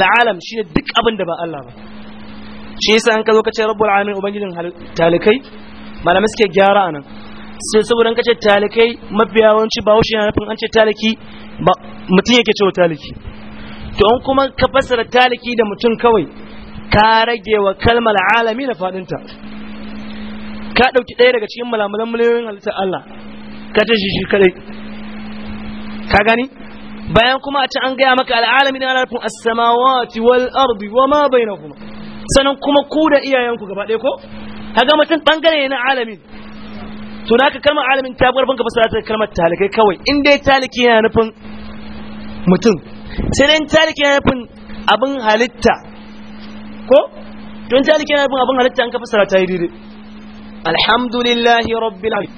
العالم شيء دك أبن دبا الله shi yasa an ka zo kace rabbul alamin ubangijin talikai malamai suke gyara anan sai saboda an kace talikai mafi yawanci ba wuce yana nufin an ce taliki mutum yake cewa taliki to an kuma ka fassara taliki da mutum kawai ka rage wa kalmar alami na fadinta ka ɗauki ɗaya daga cikin malamulan miliyoyin halittar Allah ka ce shi kadai ka gani bayan kuma a ci an gaya maka al'alami na alafin asamawati wal ardi wa ma bai sanan kuma ku da iyayenku gaba ɗaya ko ga mutum bangare na alamin so da haka kalmar alamin ta gwarfin ka fasara ta kalmar talikai kawai in dai taliki yana nufin mutum sai dai taliki yana nufin abin halitta ko don taliki yana nufin abin halitta an ka fasara ta yi daidai alhamdulillahi rabbil alamin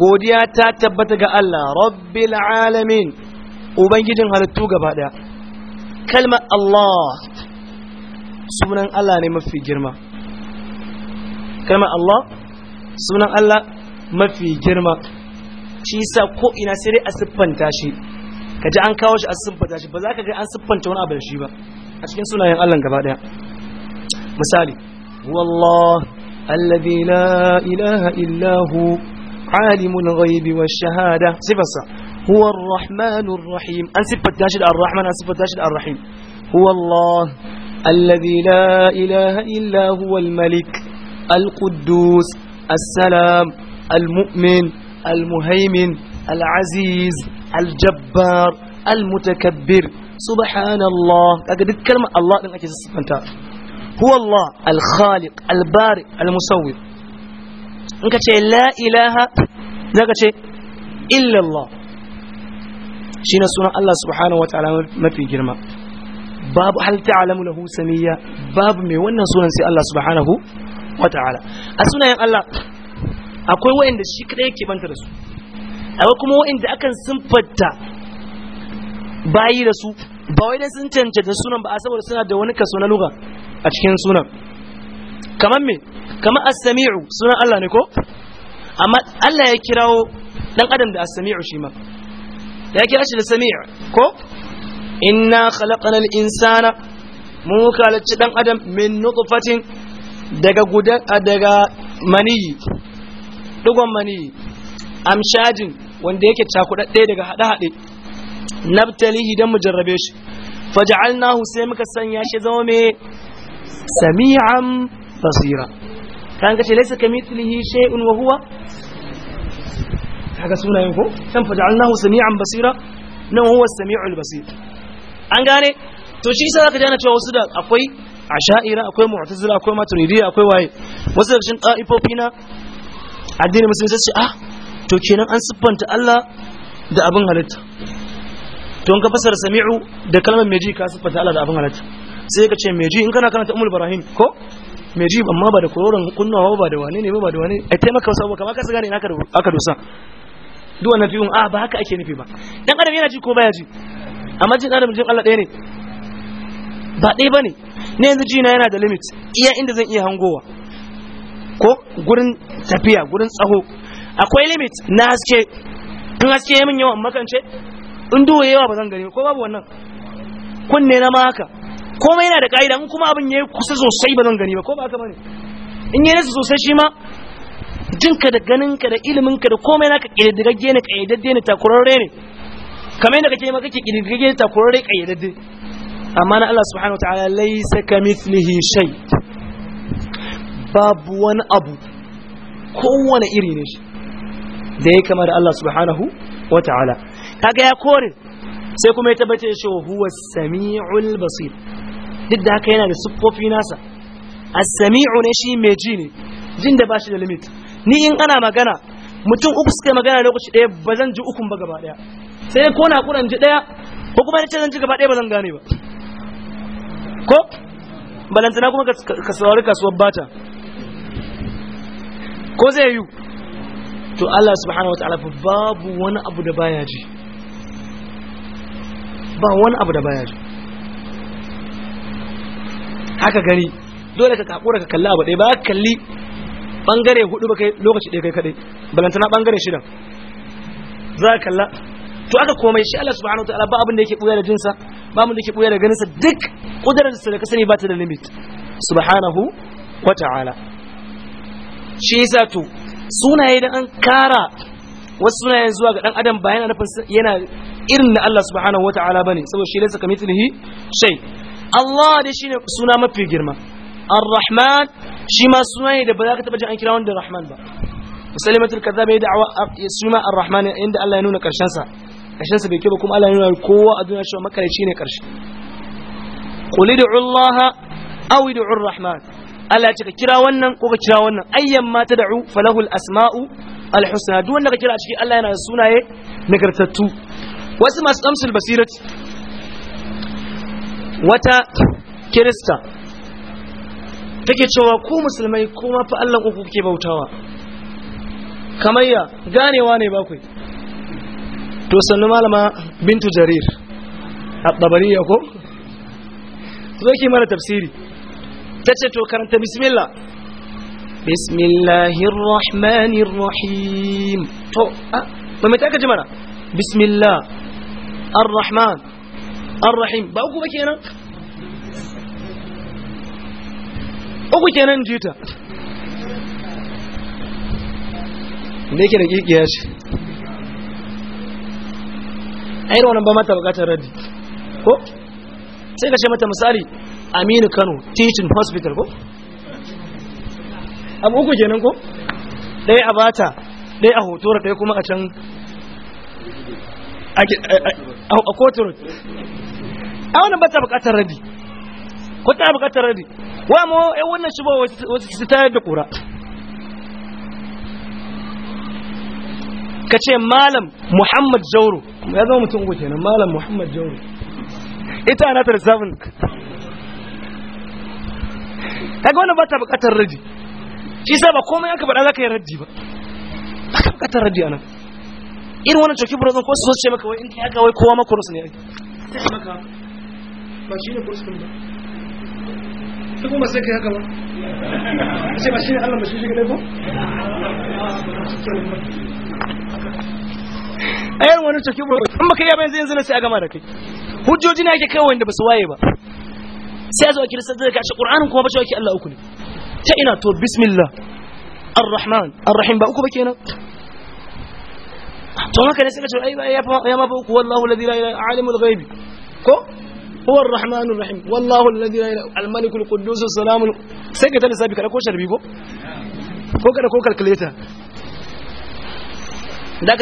godiya ta tabbata ga Allah rabbil alamin ubangijin halittu gaba daya kalmar Allah sunan Allah ne mafi girma kalmar Allah sunan Allah mafi girma shi sa ko ina sai dai a siffanta shi ka ji an kawo shi a siffanta shi ba za ka ga an siffanta wani abu shi ba a cikin sunayen Allah gaba daya misali wallah alladhi la ilaha illa hu alimul ghaibi wash shahada sifarsa huwa arrahmanur rahim an siffanta shi da arrahman an siffanta shi da arrahim huwa allah alladhi la ilaha illa huwa malik al-quddus السلام المؤمن المهيمن العزيز الجبار المتكبر سبحان الله أقدر كلمة الله لأنك تستفنتها هو الله الخالق البارئ المصور إنك تقول لا إله ذاك إلا الله شين سنة الله سبحانه وتعالى ما في جرمه باب هل تعلم له سمية باب mai wannan sunan sai Allah subhanahu wataala a sunayen akwai wa'anda shi kadai yake banta da su akwai kuma wa'anda akan simfatta bayi da su ba wai dan sun cancanta sunan ba saboda suna da wani kaso na lugha a cikin sunan kamar me kamar as-sami'u sunan Allah ne ko amma Allah ya kirawo dan adam da as-sami'u shi ma ya kira shi da sami' ko inna khalaqna al-insana mu kalacci dan adam min nutfatin daga gudan daga maniyi dugon mani amshajin wanda yake cakudade daga hade-hade nabtalihi dan mu jarrabe shi faj'alnahu sai muka sanya shi zama me sami'an basira kan ka ce laysa kamithlihi shay'un wa huwa kaga sunayen ko san faj'alnahu sami'an basira nan huwa sami'ul basir an gane to shi sai zaka jana cewa wasu da akwai asha'ira akwai mu'tazila akwai maturidiyya akwai waye wasu da cikin ta'ifofi na addinin musulunci sai ah to kenan an siffanta Allah da abin halitta to in ka fasara sami'u da kalmar meji ka siffanta Allah da abin halitta sai ka ce meji in kana ta ummul ibrahim ko meji amma ba da kororon kunnawa ba da wane ne ba da wane ai taimaka wasu abubuwa kamar ka gane ina aka dosa duk wannan biyun a ah, ba haka ake nufi ba dan adam yana ji ko baya ji amma jin adam jin Allah ɗaya ne ba ɗaya bane ne yanzu jina yana da limit iya inda zan iya hangowa ko gurin tafiya gurin tsaho akwai limit na haske in haske ya min yawan makance in duhu yawa ba zan gani ko babu wannan kunne na ma haka komai yana da ka'ida in kuma abin ya yi kusa sosai ba zan gani ba ko ba ka bane in yi nasu sosai shi ma jinka da ganinka da iliminka da komai naka kididdigagge ne kayyadadde ne takurarre ne kamar yadda kake ma kake kididdigagge ne takurarre kayyadadde amma na Allah subhanahu wataala laysa kamithlihi shay' babu wani abu kowane iri ne shi da ya kama da Allah subhanahu wa ta'ala kaga ya kore sai kuma ya tabbace shi huwa sami'ul basir duk da haka yana da siffofi nasa as-sami'u ne shi mai ji ne jin da bashi da limit ni in ana magana mutum uku suka magana lokaci ɗaya ba zan ji ukun ba gaba daya sai ko na kuran ji ɗaya ko kuma ce zan ji gaba daya ba zan gane ba ko balantana kuma ka saurari kasuwar bata ko zai yi to Allah subhanahu wataala fa babu wani abu da baya ji ba wani abu da baya ji haka gani dole ka kakura ka kalla abu ɗaya ba kalli bangare hudu ba kai lokaci ɗaya kai kadai balantana bangare shida za ka kalla to aka komai shi Allah subhanahu wataala ba abin da yake buya da jinsa ba abin da yake buya da ganinsa duk kudarar da ka sani ba ta da limit subhanahu wataala shi yasa to sunaye da an kara wasu sunayen zuwa ga dan adam ba yana nufin yana irin na Allah subhanahu wataala bane saboda shi laysa kamithlihi shay Allah da shine suna mafi girma Ar-Rahman shi ma suna ne da ba za ka taba jin an kira wanda Rahman ba Musalimatul kazzab ya da'awa suna Ar-Rahman inda Allah ya nuna karshen sa karshen sa bai kai ba kuma Allah ya nuna kowa a duniya cewa makarici ne karshe Qul Allah aw ud'u Ar-Rahman Allah ya ce ka kira wannan ko ka kira wannan ayyan ma ta da'u falahul asma'u alhusna duk wanda ka kira a ciki Allah yana da sunaye nagartattu wasu masu amsul basirat wata kirista take cewa ku musulmai ma fa Allah ku kuke bautawa kamayya ganewa ne bakwai to sannu malama bintu jarir a ko su zai mara tafsiri تتو كرنت بسم الله بسم الله الرحمن الرحيم تو ما متاك جمانا بسم الله الرحمن الرحيم باوكو بكينا اوكو كينا نجيتا ليكي إيه نجيك ياش ايرو نبا ما تبقى تردي كو سيكا شمتا مسالي aminu kano teaching hospital ko abu uku kenan ko ɗaya a bata ɗaya a hotora ɗaya kuma a can a kotun a wannan ba ta bukatar rabi ko ta bukatar rabi wa mu ai wannan shi ba wasu su tayar da kura ka ce malam muhammad jauro ya zama mutum uku kenan malam muhammad jauro ita na tarsafin kaga wannan ba ta bukatar raji shi sai ba komai aka faɗa za yi raji ba ba ka bukatar raji anan irin wannan coki burazon ko su ce maka wai in ka yaga wai kowa makurus ne maka ba shi ne kurus ba ta kuma sai ka yaga ba sai ba shi ne allah ba shi shi kadai ba a irin wannan coki burazon in kai ya abin zai yanzu na sai a gama da kai hujjoji na yake kai wanda ba su waye ba سيزوا كي لسددك عشان قرآن كوما بشوك ألا أكل تأنا تور بسم الله الرحمن الرحيم بأكو بكينا تونا كان يسمع شو أي بقى يا ما بأكو والله الذي لا إله هو الرحمن الرحيم والله الذي لا إله الملك القدوس السلام سكت أنا سابك أنا كوش أربيكو كو كنا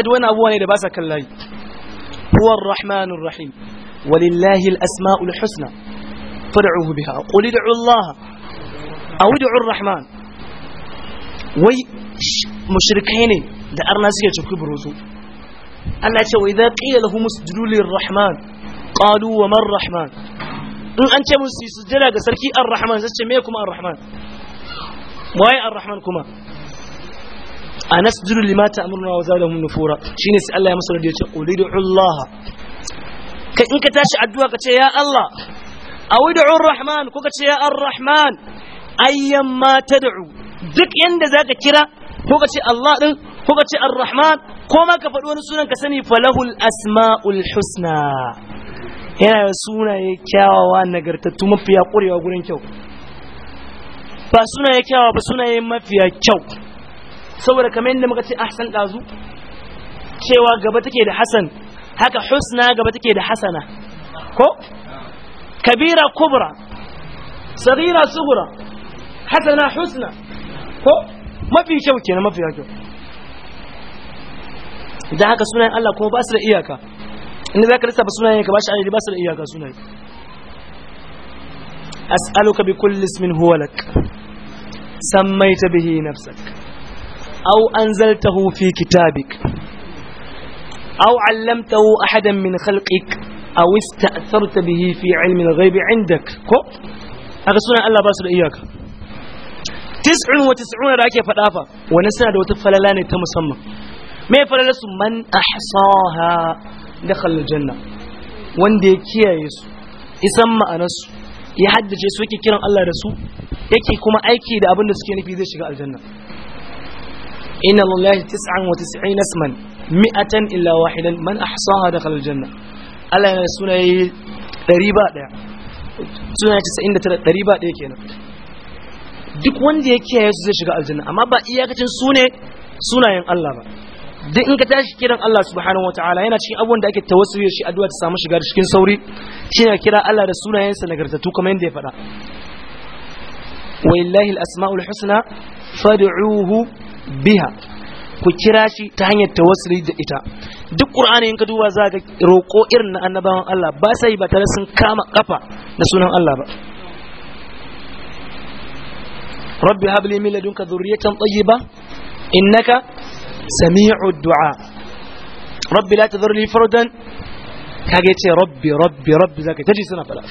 دوين أبوه أنا دباسك الله هو الرحمن الرحيم ولله الأسماء الحسنى فدعوه بها قل ادعوا الله او ادعوا الرحمن وي مشركين لارنا سيجا كبروتو انا تشو اذا قيل لهم اسجدوا للرحمن قالوا وما الرحمن ان انت من سجدنا لسركي الرحمن زتش ميكم الرحمن وي الرحمن كما انا اسجد لما تامرنا وزادهم نفورا شيني سال الله يا مسلم يقول ادعوا الله كان انك تاشي ادعوا يا الله a wudu'un rahman kuka ce ya ar-rahman ayyan ma tad'u duk inda zaka kira kuka ce Allah din kuka ce ar-rahman ko ma ka faɗi wani sunan ka sani falahul asma'ul husna yana da sunaye kyawawa nagartattu mafiya ƙurewa gurin kyau ba sunaye kyawa ba sunaye mafiya kyau saboda kamar yadda muka ce ahsan ɗazu cewa gaba take da hasan haka husna gaba take da hasana ko كبيرة كبرى صغيرة صغرى حسنة حسنة ما في شوكي ما في أجو إذا هكا سنة الله كما بأسر إياكا إن ذاك لسا بسنة إياكا باش عيد بأسر إياكا سنة أسألك بكل اسم هو لك سميت به نفسك أو أنزلته في كتابك أو علمته أحدا من خلقك aw ista'tharta bihi fi ilmi al-ghaib indak ko aka sunan Allah ba su da iyaka 99 da ake faɗa fa wannan suna da wata falala ne ta musamman me falala su man ahsaha dakhala al-janna wanda ya kiyaye isan ma'anarsu ya haddace su yake kiran Allah da su yake kuma aiki da abin da suke nufi zai shiga aljanna inna mi'atan illa wahidan man ahsaha janna Allah yana da sunaye ɗari ba ɗaya sunaye casa'in da tara ɗari ba ɗaya kenan duk wanda ya kiyaye su zai shiga aljanna amma ba iyakacin sune sunayen Allah ba duk in ka tashi kiran Allah subhanahu wataala yana cikin abubuwan da ake tawassuli shi addu'a ta samu shiga cikin sauri shine kira Allah da sunayensa nagartattu kamar yadda ya faɗa walillahi al-asma'ul husna fad'uhu biha ku kira shi ta hanyar tawassuli da ita duk qur'ani in ka duba za ka roko irin na annabawan Allah ba sai ba tare sun kama kafa da sunan Allah ba rabbi habli min ladunka dhurriyatan tayyiba innaka sami'u du'a rabbi la tadhur li fardan kage ce rabbi rabbi rabbi zaka taji suna fada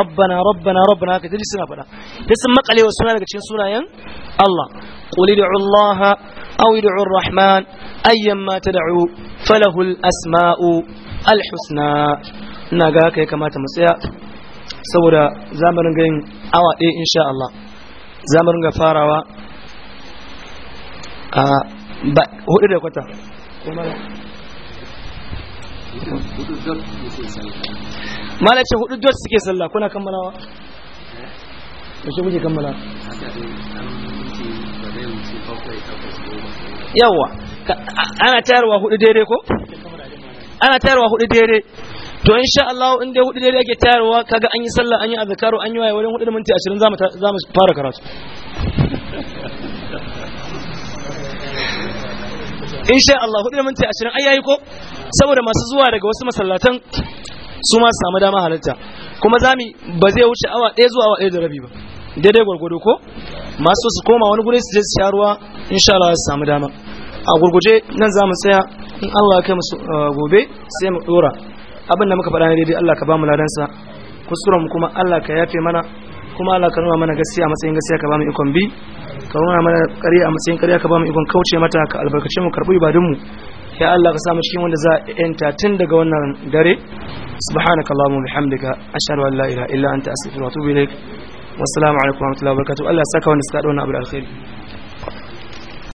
rabbana rabbana rabbana ka taji suna fada sai sun makale wa suna daga cikin sunayen Allah qul allah أو ادعوا الرحمن أيما تدعوا فله الأسماء الحسنى نغا كي كما تمسيا سورة زامرن غين أوا إيه إن شاء الله زامرن غفاروا آه ba hudu da kwata malace hudu dot suke sallah kuna كنا da shi kuke kammala yawa ana tayarwa hudu daidai ko ana tayarwa hudu daidai to insha Allah in dai hudu daidai ake tayarwa kaga an yi sallah an yi azkaru an yi waye wurin hudu da minti 20 za mu fara karatu insha Allah hudu da minti 20 ai yayi ko saboda masu zuwa daga wasu masallatan su ma su samu dama halitta kuma zami ba zai wuce awa ɗaya zuwa awa ɗaya da rabi ba daidai gwargwado ko masu su koma wani guri su je su sha ruwa insha Allah su samu dama a gurguje nan za mu tsaya in Allah kai musu uh, gobe sai mu dora abin da muka faɗa ne daidai Allah ka ba mu ladan sa kusuran mu kuma Allah ka yafe mana kuma Allah ka nuna mana gaskiya a matsayin gaskiya ka ba mu ikon bi ka nuna mana ƙarya a matsayin ƙarya ka ba mu ikon kauce mata ka albarkace mu karɓi ibadun mu ya Allah ka samu cikin wanda za a yanta tun daga wannan dare subhanakallahumma bihamdika ashhadu an la ilaha illa anta astaghfiruka wa atubu ilaik wassalamu alaikum ala wabarakatuh Allah ya saka wanda suka dauna abu da alkhairi